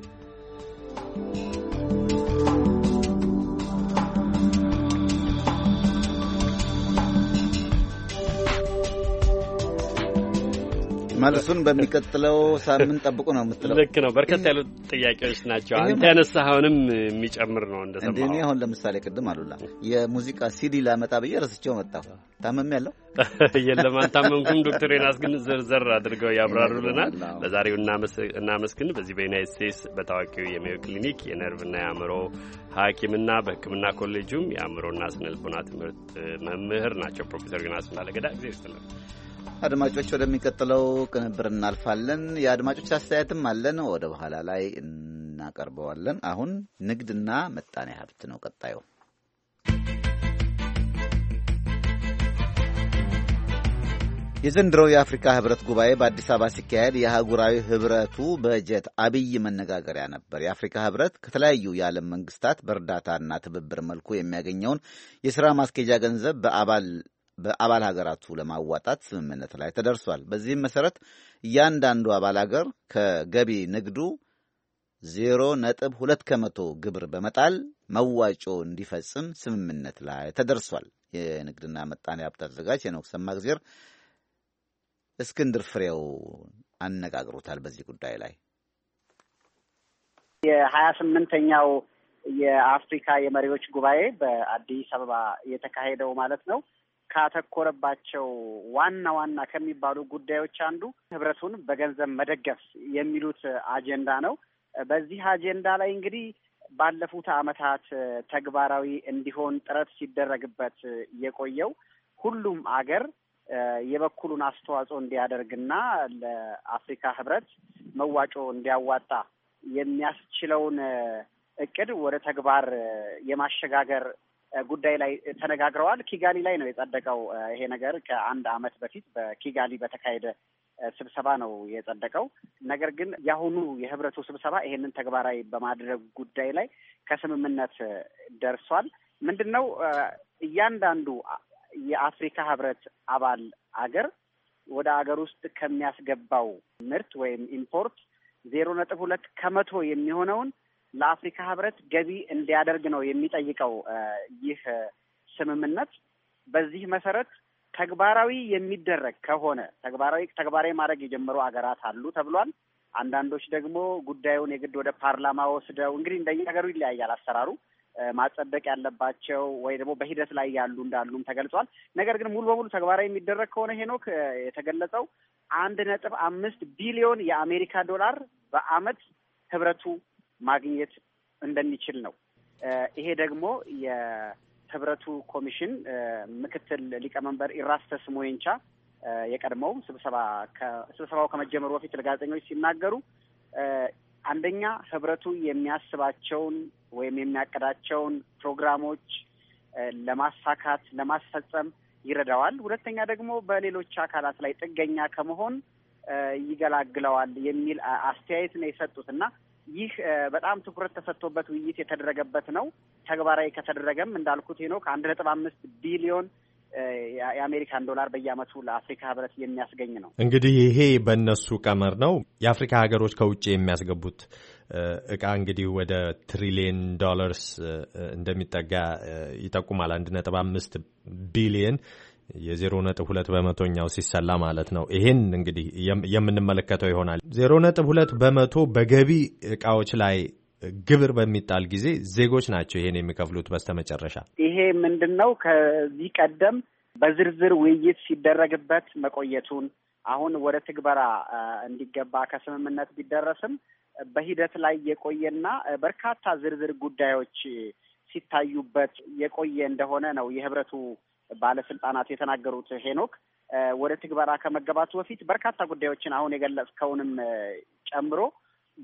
መልሱን በሚቀጥለው ሳምንት ጠብቁ ነው የምትለው። ልክ ነው። በርከት ያሉ ጥያቄዎች ናቸው። አንተ ያነሳኸውንም የሚጨምር ነው እንደሰማሁ። እንዲህ አሁን ለምሳሌ ቅድም አሉላ የሙዚቃ ሲዲ ላመጣ ብዬ ረስቼው መጣሁ። ታመም ያለው [laughs] የለም አልታመምኩም። ዶክተር ዮናስ ግን ዘርዘር አድርገው ያብራሩልናል። በዛሬው እናመስግን። በዚህ በዩናይት ስቴትስ በታዋቂው የሜዮ ክሊኒክ የነርቭና የአእምሮ ሐኪምና በሕክምና ኮሌጁም የአእምሮና ስነልቦና ትምህርት መምህር ናቸው ፕሮፌሰር ዮናስ እንዳለገዳ ጊዜ አድማጮች ወደሚቀጥለው ቅንብር እናልፋለን። የአድማጮች አስተያየትም አለን፣ ወደ በኋላ ላይ እናቀርበዋለን። አሁን ንግድና ምጣኔ ሀብት ነው ቀጣዩ። የዘንድሮው የአፍሪካ ህብረት ጉባኤ በአዲስ አበባ ሲካሄድ የአህጉራዊ ህብረቱ በጀት አብይ መነጋገሪያ ነበር። የአፍሪካ ህብረት ከተለያዩ የዓለም መንግስታት በእርዳታና ትብብር መልኩ የሚያገኘውን የሥራ ማስኬጃ ገንዘብ በአባል በአባል ሀገራቱ ለማዋጣት ስምምነት ላይ ተደርሷል። በዚህም መሰረት እያንዳንዱ አባል ሀገር ከገቢ ንግዱ ዜሮ ነጥብ ሁለት ከመቶ ግብር በመጣል መዋጮ እንዲፈጽም ስምምነት ላይ ተደርሷል። የንግድና ምጣኔ ሀብት አዘጋጅ ሄኖክ ሰማግዜር እስክንድር ፍሬው አነጋግሮታል። በዚህ ጉዳይ ላይ የሀያ ስምንተኛው የአፍሪካ የመሪዎች ጉባኤ በአዲስ አበባ የተካሄደው ማለት ነው ካተኮረባቸው ዋና ዋና ከሚባሉ ጉዳዮች አንዱ ህብረቱን በገንዘብ መደገፍ የሚሉት አጀንዳ ነው። በዚህ አጀንዳ ላይ እንግዲህ ባለፉት ዓመታት ተግባራዊ እንዲሆን ጥረት ሲደረግበት የቆየው ሁሉም አገር የበኩሉን አስተዋጽኦ እንዲያደርግና ለአፍሪካ ህብረት መዋጮ እንዲያዋጣ የሚያስችለውን እቅድ ወደ ተግባር የማሸጋገር ጉዳይ ላይ ተነጋግረዋል። ኪጋሊ ላይ ነው የጸደቀው ይሄ ነገር ከአንድ ዓመት በፊት በኪጋሊ በተካሄደ ስብሰባ ነው የጸደቀው። ነገር ግን የአሁኑ የህብረቱ ስብሰባ ይሄንን ተግባራዊ በማድረግ ጉዳይ ላይ ከስምምነት ደርሷል። ምንድን ነው እያንዳንዱ የአፍሪካ ህብረት አባል አገር ወደ አገር ውስጥ ከሚያስገባው ምርት ወይም ኢምፖርት ዜሮ ነጥብ ሁለት ከመቶ የሚሆነውን ለአፍሪካ ህብረት ገቢ እንዲያደርግ ነው የሚጠይቀው ይህ ስምምነት። በዚህ መሰረት ተግባራዊ የሚደረግ ከሆነ ተግባራዊ ተግባራዊ ማድረግ የጀመሩ ሀገራት አሉ ተብሏል። አንዳንዶች ደግሞ ጉዳዩን የግድ ወደ ፓርላማ ወስደው እንግዲህ ሀገሩ ይለያያል አሰራሩ ማጸደቅ ያለባቸው ወይ ደግሞ በሂደት ላይ ያሉ እንዳሉም ተገልጿል። ነገር ግን ሙሉ በሙሉ ተግባራዊ የሚደረግ ከሆነ ሄኖክ የተገለጸው አንድ ነጥብ አምስት ቢሊዮን የአሜሪካ ዶላር በአመት ህብረቱ ማግኘት እንደሚችል ነው። ይሄ ደግሞ የህብረቱ ኮሚሽን ምክትል ሊቀመንበር ኢራስተስ ሞየንቻ የቀድሞው ስብሰባው ከመጀመሩ በፊት ለጋዜጠኞች ሲናገሩ አንደኛ ህብረቱ የሚያስባቸውን ወይም የሚያቅዳቸውን ፕሮግራሞች ለማሳካት ለማስፈጸም ይረዳዋል። ሁለተኛ ደግሞ በሌሎች አካላት ላይ ጥገኛ ከመሆን ይገላግለዋል የሚል አስተያየት ነው የሰጡት እና ይህ በጣም ትኩረት ተሰጥቶበት ውይይት የተደረገበት ነው። ተግባራዊ ከተደረገም እንዳልኩት ነው ከአንድ ነጥብ አምስት ቢሊዮን የአሜሪካን ዶላር በየዓመቱ ለአፍሪካ ህብረት የሚያስገኝ ነው። እንግዲህ ይሄ በእነሱ ቀመር ነው። የአፍሪካ ሀገሮች ከውጭ የሚያስገቡት እቃ እንግዲህ ወደ ትሪሊየን ዶላርስ እንደሚጠጋ ይጠቁማል። አንድ ነጥብ አምስት ቢሊየን የዜሮ ነጥብ ሁለት በመቶኛው ሲሰላ ማለት ነው። ይህን እንግዲህ የምንመለከተው ይሆናል። ዜሮ ነጥብ ሁለት በመቶ በገቢ እቃዎች ላይ ግብር በሚጣል ጊዜ ዜጎች ናቸው ይሄን የሚከፍሉት። በስተመጨረሻ ይሄ ምንድን ነው? ከዚህ ቀደም በዝርዝር ውይይት ሲደረግበት መቆየቱን አሁን ወደ ትግበራ እንዲገባ ከስምምነት ቢደረስም በሂደት ላይ የቆየና በርካታ ዝርዝር ጉዳዮች ሲታዩበት የቆየ እንደሆነ ነው የህብረቱ ባለስልጣናት የተናገሩት ሄኖክ ወደ ትግበራ ከመገባቱ በፊት በርካታ ጉዳዮችን አሁን የገለጽከውንም ጨምሮ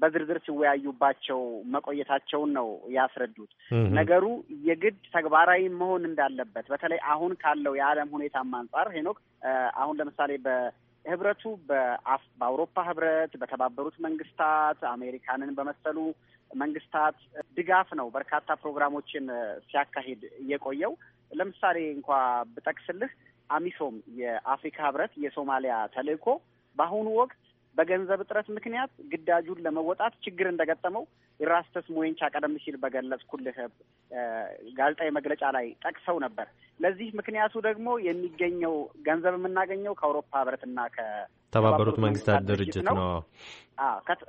በዝርዝር ሲወያዩባቸው መቆየታቸውን ነው ያስረዱት። ነገሩ የግድ ተግባራዊ መሆን እንዳለበት በተለይ አሁን ካለው የዓለም ሁኔታም አንጻር ሄኖክ አሁን ለምሳሌ በህብረቱ በአውሮፓ ህብረት፣ በተባበሩት መንግስታት፣ አሜሪካንን በመሰሉ መንግስታት ድጋፍ ነው በርካታ ፕሮግራሞችን ሲያካሂድ የቆየው። ለምሳሌ እንኳ ብጠቅስልህ አሚሶም የአፍሪካ ህብረት የሶማሊያ ተልእኮ በአሁኑ ወቅት በገንዘብ እጥረት ምክንያት ግዳጁን ለመወጣት ችግር እንደገጠመው ኢራስተስ ሞይንቻ ቀደም ሲል በገለጽኩልህ ጋዜጣዊ መግለጫ ላይ ጠቅሰው ነበር። ለዚህ ምክንያቱ ደግሞ የሚገኘው ገንዘብ የምናገኘው ከአውሮፓ ህብረትና ከተባበሩት መንግስታት ድርጅት ነው።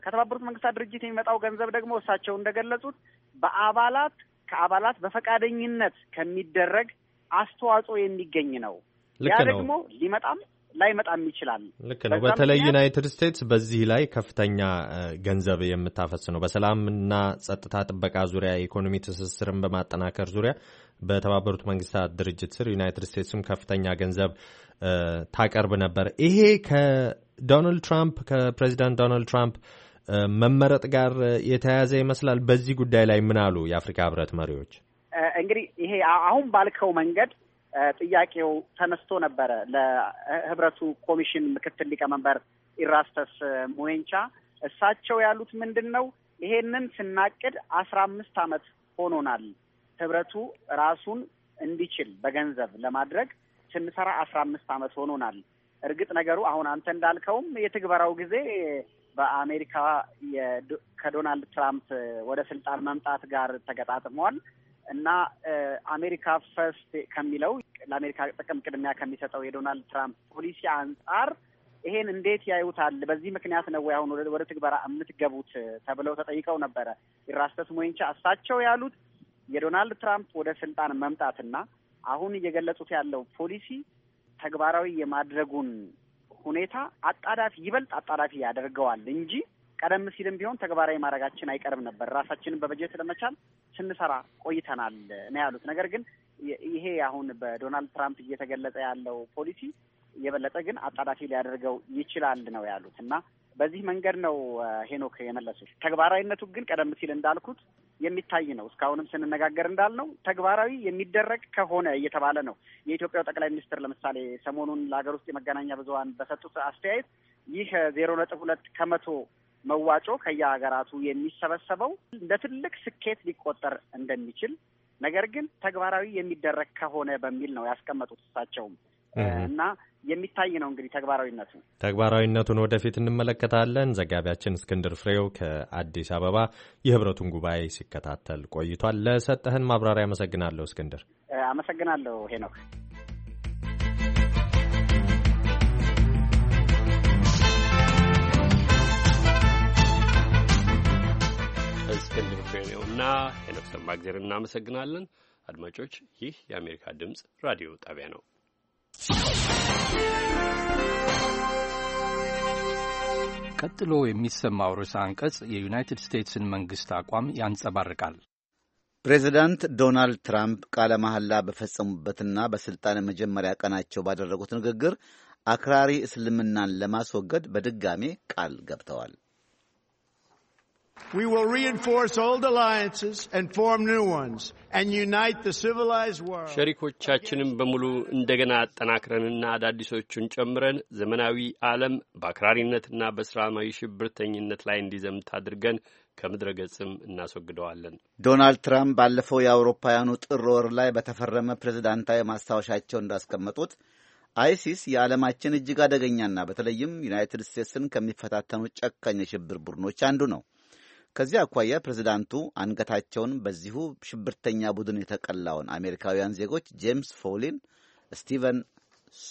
ከተባበሩት መንግስታት ድርጅት የሚመጣው ገንዘብ ደግሞ እሳቸው እንደገለጹት በአባላት ከአባላት በፈቃደኝነት ከሚደረግ አስተዋጽኦ የሚገኝ ነው። ያ ደግሞ ሊመጣም ላይመጣም ይችላል። ልክ ነው። በተለይ ዩናይትድ ስቴትስ በዚህ ላይ ከፍተኛ ገንዘብ የምታፈስ ነው። በሰላምና ጸጥታ ጥበቃ ዙሪያ፣ የኢኮኖሚ ትስስርን በማጠናከር ዙሪያ በተባበሩት መንግስታት ድርጅት ስር ዩናይትድ ስቴትስም ከፍተኛ ገንዘብ ታቀርብ ነበር። ይሄ ከዶናልድ ትራምፕ ከፕሬዚዳንት ዶናልድ ትራምፕ መመረጥ ጋር የተያያዘ ይመስላል። በዚህ ጉዳይ ላይ ምን አሉ የአፍሪካ ህብረት መሪዎች? እንግዲህ ይሄ አሁን ባልከው መንገድ ጥያቄው ተነስቶ ነበረ ለህብረቱ ኮሚሽን ምክትል ሊቀመንበር ኢራስተስ ሙሄንቻ። እሳቸው ያሉት ምንድን ነው? ይሄንን ስናቅድ አስራ አምስት ዓመት ሆኖናል። ህብረቱ ራሱን እንዲችል በገንዘብ ለማድረግ ስንሰራ አስራ አምስት ዓመት ሆኖናል። እርግጥ ነገሩ አሁን አንተ እንዳልከውም የትግበራው ጊዜ በአሜሪካ ከዶናልድ ትራምፕ ወደ ስልጣን መምጣት ጋር ተገጣጥሟል እና አሜሪካ ፈርስት ከሚለው ለአሜሪካ ጥቅም ቅድሚያ ከሚሰጠው የዶናልድ ትራምፕ ፖሊሲ አንጻር ይሄን እንዴት ያዩታል? በዚህ ምክንያት ነው ወይ አሁን ወደ ትግበራ የምትገቡት ተብለው ተጠይቀው ነበረ ኢራስተስ ሞይንቻ። እሳቸው ያሉት የዶናልድ ትራምፕ ወደ ስልጣን መምጣትና አሁን እየገለጹት ያለው ፖሊሲ ተግባራዊ የማድረጉን ሁኔታ አጣዳፊ ይበልጥ አጣዳፊ ያደርገዋል እንጂ ቀደም ሲልም ቢሆን ተግባራዊ ማድረጋችን አይቀርም ነበር። ራሳችንን በበጀት ለመቻል ስንሰራ ቆይተናል ነው ያሉት። ነገር ግን ይሄ አሁን በዶናልድ ትራምፕ እየተገለጸ ያለው ፖሊሲ የበለጠ ግን አጣዳፊ ሊያደርገው ይችላል ነው ያሉት እና በዚህ መንገድ ነው ሄኖክ የመለሰች። ተግባራዊነቱ ግን ቀደም ሲል እንዳልኩት የሚታይ ነው። እስካሁንም ስንነጋገር እንዳልነው ተግባራዊ የሚደረግ ከሆነ እየተባለ ነው። የኢትዮጵያው ጠቅላይ ሚኒስትር ለምሳሌ ሰሞኑን ለሀገር ውስጥ የመገናኛ ብዙኃን በሰጡት አስተያየት ይህ ዜሮ ነጥብ ሁለት ከመቶ መዋጮ ከየሀገራቱ የሚሰበሰበው እንደ ትልቅ ስኬት ሊቆጠር እንደሚችል ነገር ግን ተግባራዊ የሚደረግ ከሆነ በሚል ነው ያስቀመጡት እሳቸውም እና የሚታይ ነው እንግዲህ ተግባራዊነቱ ተግባራዊነቱን ወደፊት እንመለከታለን። ዘጋቢያችን እስክንድር ፍሬው ከአዲስ አበባ የህብረቱን ጉባኤ ሲከታተል ቆይቷል። ለሰጠህን ማብራሪያ አመሰግናለሁ እስክንድር። አመሰግናለሁ ሄኖክ። እስክንድር ፍሬው እና ሄኖክ ሰማግዜር እናመሰግናለን። አድማጮች፣ ይህ የአሜሪካ ድምፅ ራዲዮ ጣቢያ ነው። ቀጥሎ የሚሰማው ርዕሰ አንቀጽ የዩናይትድ ስቴትስን መንግሥት አቋም ያንጸባርቃል። ፕሬዚዳንት ዶናልድ ትራምፕ ቃለ መሐላ በፈጸሙበትና በሥልጣን መጀመሪያ ቀናቸው ባደረጉት ንግግር አክራሪ እስልምናን ለማስወገድ በድጋሜ ቃል ገብተዋል። We will reinforce old alliances and form new ones and unite the civilized world. ሸሪኮቻችንም በሙሉ እንደገና አጠናክረንና አዳዲሶቹን ጨምረን ዘመናዊ ዓለም በአክራሪነትና በእስላማዊ ሽብርተኝነት ላይ እንዲዘምት አድርገን ከምድረ ገጽም እናስወግደዋለን። ዶናልድ ትራምፕ ባለፈው የአውሮፓውያኑ ጥር ወር ላይ በተፈረመ ፕሬዝዳንታዊ ማስታወሻቸው እንዳስቀመጡት አይሲስ የዓለማችን እጅግ አደገኛና በተለይም ዩናይትድ ስቴትስን ከሚፈታተኑ ጨካኝ የሽብር ቡድኖች አንዱ ነው። ከዚህ አኳያ ፕሬዚዳንቱ አንገታቸውን በዚሁ ሽብርተኛ ቡድን የተቀላውን አሜሪካውያን ዜጎች ጄምስ ፎሊን፣ ስቲቨን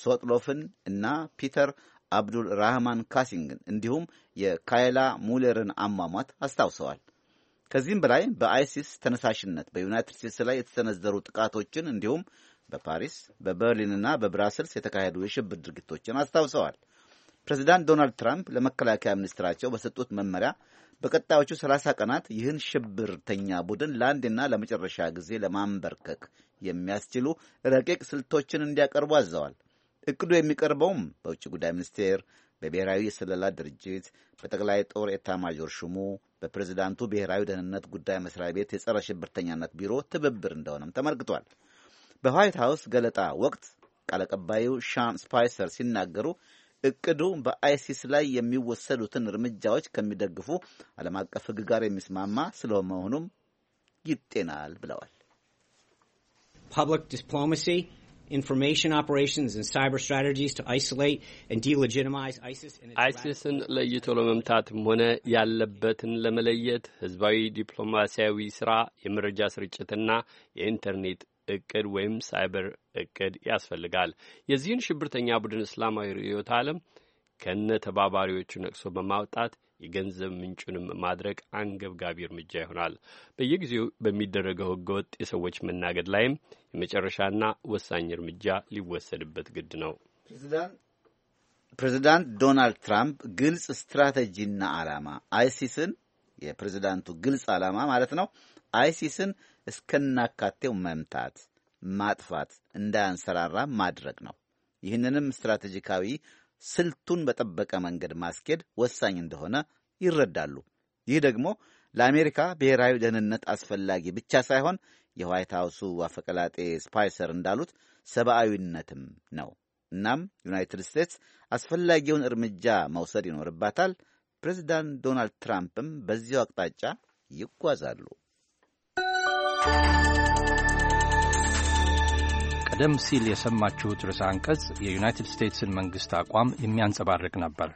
ሶጥሎፍን እና ፒተር አብዱል ራህማን ካሲንግን እንዲሁም የካይላ ሙለርን አሟሟት አስታውሰዋል። ከዚህም በላይ በአይሲስ ተነሳሽነት በዩናይትድ ስቴትስ ላይ የተሰነዘሩ ጥቃቶችን እንዲሁም በፓሪስ በበርሊንና በብራስልስ የተካሄዱ የሽብር ድርጊቶችን አስታውሰዋል። ፕሬዚዳንት ዶናልድ ትራምፕ ለመከላከያ ሚኒስትራቸው በሰጡት መመሪያ በቀጣዮቹ 30 ቀናት ይህን ሽብርተኛ ቡድን ለአንድና ለመጨረሻ ጊዜ ለማንበርከክ የሚያስችሉ ረቂቅ ስልቶችን እንዲያቀርቡ አዘዋል። እቅዱ የሚቀርበውም በውጭ ጉዳይ ሚኒስቴር፣ በብሔራዊ የስለላ ድርጅት፣ በጠቅላይ ጦር ማጆር ሹሙ፣ በፕሬዚዳንቱ ብሔራዊ ደህንነት ጉዳይ መስሪያ ቤት የጸረ ሽብርተኛነት ቢሮ ትብብር እንደሆነም ተመልክቷል። በዋይት ሀውስ ገለጣ ወቅት ቃል አቀባዩ ሻን ስፓይሰር ሲናገሩ እቅዱ በአይሲስ ላይ የሚወሰዱትን እርምጃዎች ከሚደግፉ ዓለም አቀፍ ሕግ ጋር የሚስማማ ስለመሆኑም ይጤናል ብለዋል። ፐብሊክ ዲፕሎማሲ ኢንፎርሜሽን ኦፐሬሽንስ ኤንድ ሳይበር ስትራቴጂስ ቱ አይሶሌት አይሲስን ለይቶ ለመምታትም ሆነ ያለበትን ለመለየት ህዝባዊ ዲፕሎማሲያዊ ስራ፣ የመረጃ ስርጭትና የኢንተርኔት እቅድ ወይም ሳይበር እቅድ ያስፈልጋል። የዚህን ሽብርተኛ ቡድን እስላማዊ ርዕዮተ ዓለም ከነ ተባባሪዎቹ ነቅሶ በማውጣት የገንዘብ ምንጩንም ማድረግ አንገብጋቢ እርምጃ ይሆናል። በየጊዜው በሚደረገው ህገወጥ የሰዎች መናገድ ላይም የመጨረሻና ወሳኝ እርምጃ ሊወሰድበት ግድ ነው። ፕሬዚዳንት ዶናልድ ትራምፕ ግልጽ ስትራቴጂና ዓላማ አይሲስን የፕሬዚዳንቱ ግልጽ ዓላማ ማለት ነው አይሲስን እስከናካቴው መምታት ማጥፋት እንዳያንሰራራ ማድረግ ነው። ይህንንም ስትራቴጂካዊ ስልቱን በጠበቀ መንገድ ማስኬድ ወሳኝ እንደሆነ ይረዳሉ። ይህ ደግሞ ለአሜሪካ ብሔራዊ ደህንነት አስፈላጊ ብቻ ሳይሆን የዋይት ሀውሱ አፈቀላጤ ስፓይሰር እንዳሉት ሰብአዊነትም ነው። እናም ዩናይትድ ስቴትስ አስፈላጊውን እርምጃ መውሰድ ይኖርባታል። ፕሬዚዳንት ዶናልድ ትራምፕም በዚያው አቅጣጫ ይጓዛሉ። ቀደም ሲል የሰማችሁት ርዕሰ አንቀጽ የዩናይትድ ስቴትስን መንግስት አቋም የሚያንጸባርቅ ነበር።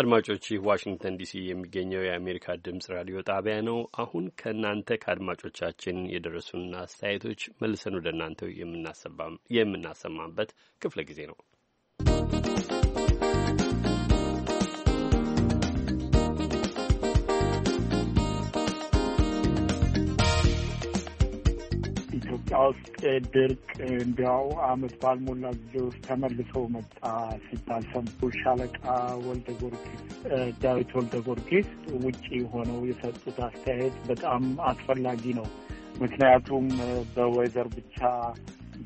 አድማጮች፣ ይህ ዋሽንግተን ዲሲ የሚገኘው የአሜሪካ ድምጽ ራዲዮ ጣቢያ ነው። አሁን ከእናንተ ከአድማጮቻችን የደረሱና አስተያየቶች መልሰን ወደ እናንተው የምናሰማበት ክፍለ ጊዜ ነው። ውስጥ ድርቅ እንዲያው አመት ባልሞላ ጊዜ ውስጥ ተመልሶ መጣ ሲባል ሰምቶ ሻለቃ ወልደ ጊዮርጊስ ዳዊት ወልደ ጊዮርጊስ ውጪ ሆነው የሰጡት አስተያየት በጣም አስፈላጊ ነው። ምክንያቱም በወይዘር ብቻ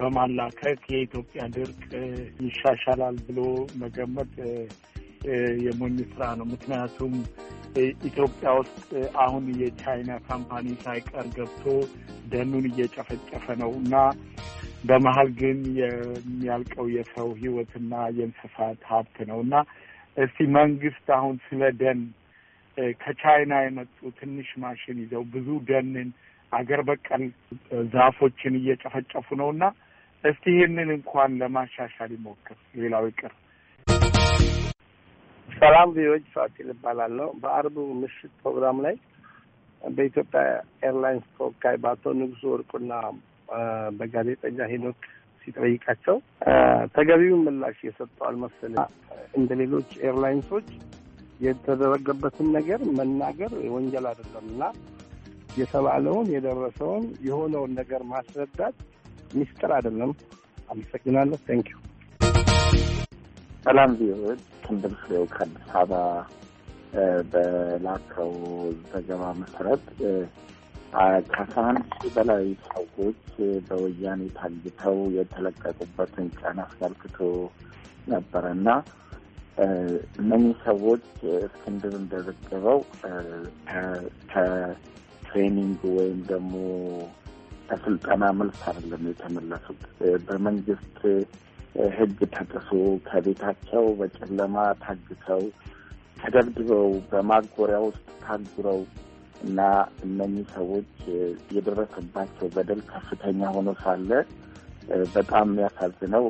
በማላከት የኢትዮጵያ ድርቅ ይሻሻላል ብሎ መገመት የሞኝ ስራ ነው። ምክንያቱም ኢትዮጵያ ውስጥ አሁን የቻይና ካምፓኒ ሳይቀር ገብቶ ደኑን እየጨፈጨፈ ነው እና በመሀል ግን የሚያልቀው የሰው ህይወትና የእንስሳት ሀብት ነው እና እስቲ መንግስት አሁን ስለ ደን ከቻይና የመጡ ትንሽ ማሽን ይዘው ብዙ ደንን አገር በቀል ዛፎችን እየጨፈጨፉ ነው እና እስቲ ይህንን እንኳን ለማሻሻል ይሞክር። ሌላው ይቅር። ሰላም ቪዎች ፋሲል እባላለሁ። በአርቡ ምሽት ፕሮግራም ላይ በኢትዮጵያ ኤርላይንስ ተወካይ በአቶ ንጉሱ ወርቁና በጋዜጠኛ ሄኖክ ሲጠይቃቸው ተገቢውን ምላሽ የሰጠው አልመሰለኝ። እንደ ሌሎች ኤርላይንሶች የተደረገበትን ነገር መናገር ወንጀል አይደለም እና የተባለውን የደረሰውን የሆነውን ነገር ማስረዳት ሚስጥር አይደለም። አመሰግናለሁ። ዩ። ሰላም ቪዎች እስክንድር ፍሬው ከአዲስ አበባ በላከው ዘገባ መሰረት ከአስራ አንድ ሺህ በላይ ሰዎች በወያኔ ታግተው የተለቀቁበትን ቀን አስመልክቶ ነበረ እና እነኚህ ሰዎች እስክንድር እንደዘገበው ከትሬኒንግ ወይም ደግሞ ከስልጠና መልስ አይደለም የተመለሱት በመንግስት ሕግ ተጥሶ ከቤታቸው በጨለማ ታግተው ተደብድበው በማጎሪያ ውስጥ ታጉረው እና እነኚህ ሰዎች የደረሰባቸው በደል ከፍተኛ ሆኖ ሳለ በጣም የሚያሳዝነው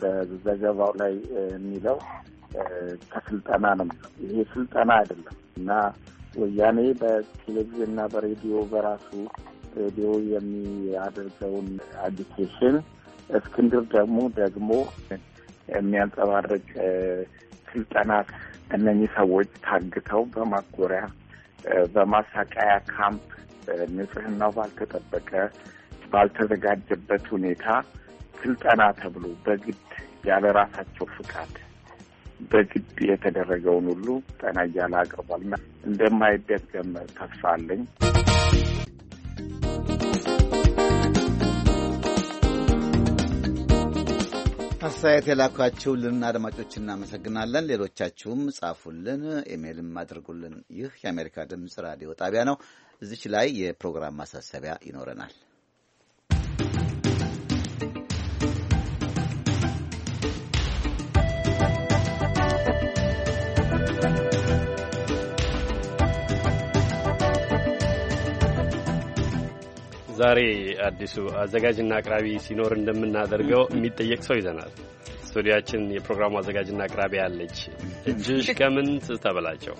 በዘገባው ላይ የሚለው ከስልጠና ነው። ይሄ ስልጠና አይደለም እና ወያኔ በቴሌቪዥን እና በሬዲዮ በራሱ ሬዲዮ የሚያደርገውን አዲኬሽን እስክንድር ደግሞ ደግሞ የሚያንጸባርቅ ስልጠናት እነኚህ ሰዎች ታግተው በማጎሪያ በማሳቀያ ካምፕ ንጽህናው ባልተጠበቀ ባልተዘጋጀበት ሁኔታ ስልጠና ተብሎ በግድ ያለ ራሳቸው ፍቃድ በግድ የተደረገውን ሁሉ ጠና እያለ አቅርቧል። እንደማይደገም ተስፋ አለኝ። አስተያየት የላኳችሁልን አድማጮች እናመሰግናለን። ሌሎቻችሁም ጻፉልን፣ ኢሜይልም አድርጉልን። ይህ የአሜሪካ ድምፅ ራዲዮ ጣቢያ ነው። እዚች ላይ የፕሮግራም ማሳሰቢያ ይኖረናል። ዛሬ አዲሱ አዘጋጅና አቅራቢ ሲኖር እንደምናደርገው የሚጠየቅ ሰው ይዘናል። ስቱዲያችን የፕሮግራሙ አዘጋጅና አቅራቢ አለች እጅሽ ከምን ተበላቸው።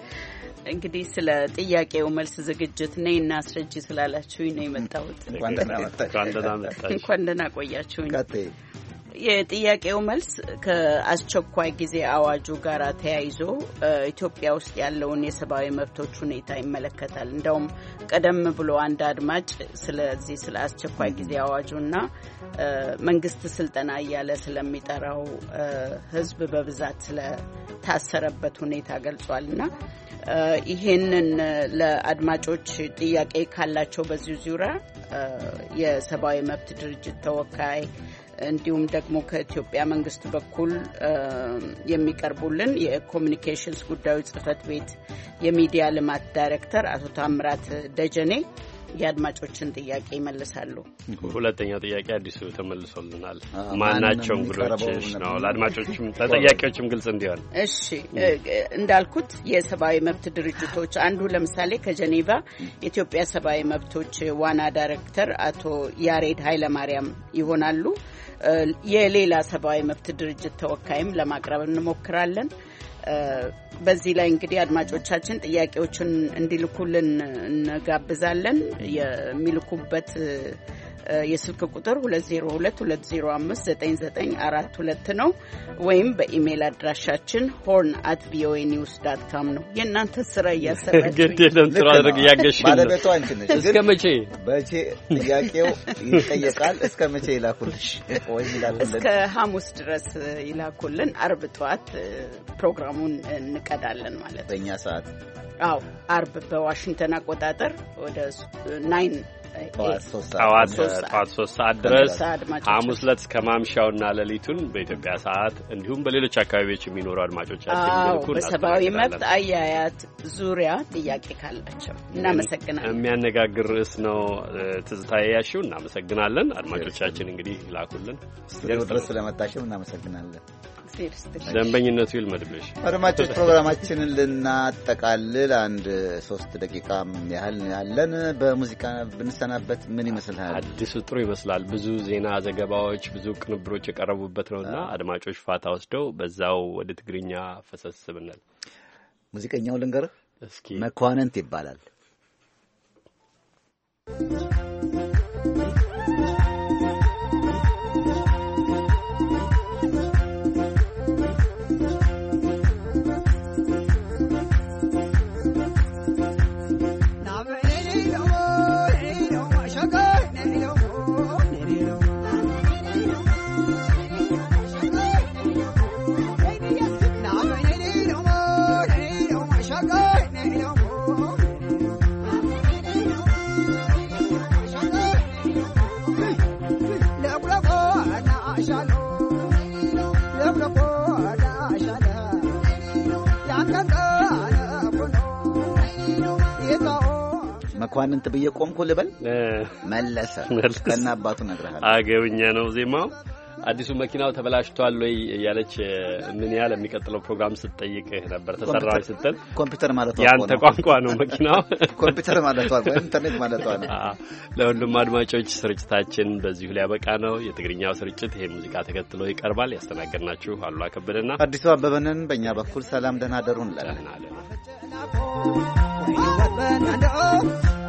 እንግዲህ ስለ ጥያቄው መልስ ዝግጅት እኔ እና አስረጅ ስላላችሁኝ ነው የመጣሁት። እንኳን ደህና ቆያችሁኝ። የጥያቄው መልስ ከአስቸኳይ ጊዜ አዋጁ ጋር ተያይዞ ኢትዮጵያ ውስጥ ያለውን የሰብአዊ መብቶች ሁኔታ ይመለከታል። እንደውም ቀደም ብሎ አንድ አድማጭ ስለዚህ ስለ አስቸኳይ ጊዜ አዋጁና መንግስት ስልጠና እያለ ስለሚጠራው ህዝብ በብዛት ስለታሰረበት ሁኔታ ገልጿል እና ይህንን ለአድማጮች ጥያቄ ካላቸው በዚሁ ዙሪያ የሰብአዊ መብት ድርጅት ተወካይ እንዲሁም ደግሞ ከኢትዮጵያ መንግስት በኩል የሚቀርቡልን የኮሚኒኬሽንስ ጉዳዮች ጽህፈት ቤት የሚዲያ ልማት ዳይሬክተር አቶ ታምራት ደጀኔ የአድማጮችን ጥያቄ ይመልሳሉ። ሁለተኛው ጥያቄ አዲሱ ተመልሶልናል። ማናቸው እንግዶችሽ ነው? ለአድማጮችም ለጠያቂዎችም ግልጽ እንዲሆን። እሺ እንዳልኩት የሰብአዊ መብት ድርጅቶች አንዱ ለምሳሌ ከጀኔቫ የኢትዮጵያ ሰብአዊ መብቶች ዋና ዳይሬክተር አቶ ያሬድ ኃይለማርያም ይሆናሉ። የሌላ ሰብአዊ መብት ድርጅት ተወካይም ለማቅረብ እንሞክራለን። በዚህ ላይ እንግዲህ አድማጮቻችን ጥያቄዎችን እንዲልኩልን እንጋብዛለን። የሚልኩበት የስልክ ቁጥር 2022059942 ነው። ወይም በኢሜይል አድራሻችን ሆርን አት ቪኦኤ ኒውስ ዳት ካም ነው። የእናንተ ስራ እያሰራችግድለምስራድርግያገሽባለቤቷ አንችነች እስከ መቼ መቼ ጥያቄው ይጠየቃል። እስከ መቼ ይላኩልሽ ወይ ይላኩልን? እስከ ሐሙስ ድረስ ይላኩልን። አርብ ጠዋት ፕሮግራሙን እንቀዳለን ማለት ነው በእኛ ሰዓት። አዎ አርብ በዋሽንግተን አቆጣጠር ወደ ናይን ጠዋት ሶስት ሰዓት ድረስ ሐሙስ ዕለት እስከ ማምሻውና ሌሊቱን በኢትዮጵያ ሰዓት እንዲሁም በሌሎች አካባቢዎች የሚኖሩ አድማጮች በሰብአዊ መብት አያያት ዙሪያ ጥያቄ ካላቸው እናመሰግናለን። የሚያነጋግር ርዕስ ነው። ትዝታ ያያሽው እናመሰግናለን። አድማጮቻችን እንግዲህ ላኩልን። ስቱዲዮ ስለመጣሽም እናመሰግናለን። ደንበኝነቱ ይልመድብሽ። አድማጮች ፕሮግራማችንን ልናጠቃልል አንድ ሶስት ደቂቃ ያህል ያለን በሙዚቃ ብንሰናበት ምን ይመስልል? አዲሱ ጥሩ ይመስላል። ብዙ ዜና ዘገባዎች፣ ብዙ ቅንብሮች የቀረቡበት ነውና አድማጮች ፋታ ወስደው በዛው ወደ ትግርኛ ፈሰስ ሙዚቀኛው ልንገርህ፣ መኳንንት ይባላል። አኳንንት ብዬ ቆምኩ ልበል መለሰ ከና አባቱ ነግረሃል። አገብኛ ነው ዜማው። አዲሱ መኪናው ተበላሽቷል ወይ እያለች ምን ያህል የሚቀጥለው ፕሮግራም ስትጠይቅህ ነበር። ተሰራ ስትል ኮምፒውተር ማለት ያንተ ቋንቋ ነው መኪናው ኮምፒውተር ማለት ኢንተርኔት ማለት ነው። ለሁሉም አድማጮች ስርጭታችን በዚሁ ሊያበቃ ነው። የትግርኛው ስርጭት ይሄ ሙዚቃ ተከትሎ ይቀርባል። ያስተናገድናችሁ አሉላ ከበደና አዲሱ አበበንን በእኛ በኩል ሰላም፣ ደህና ደሩ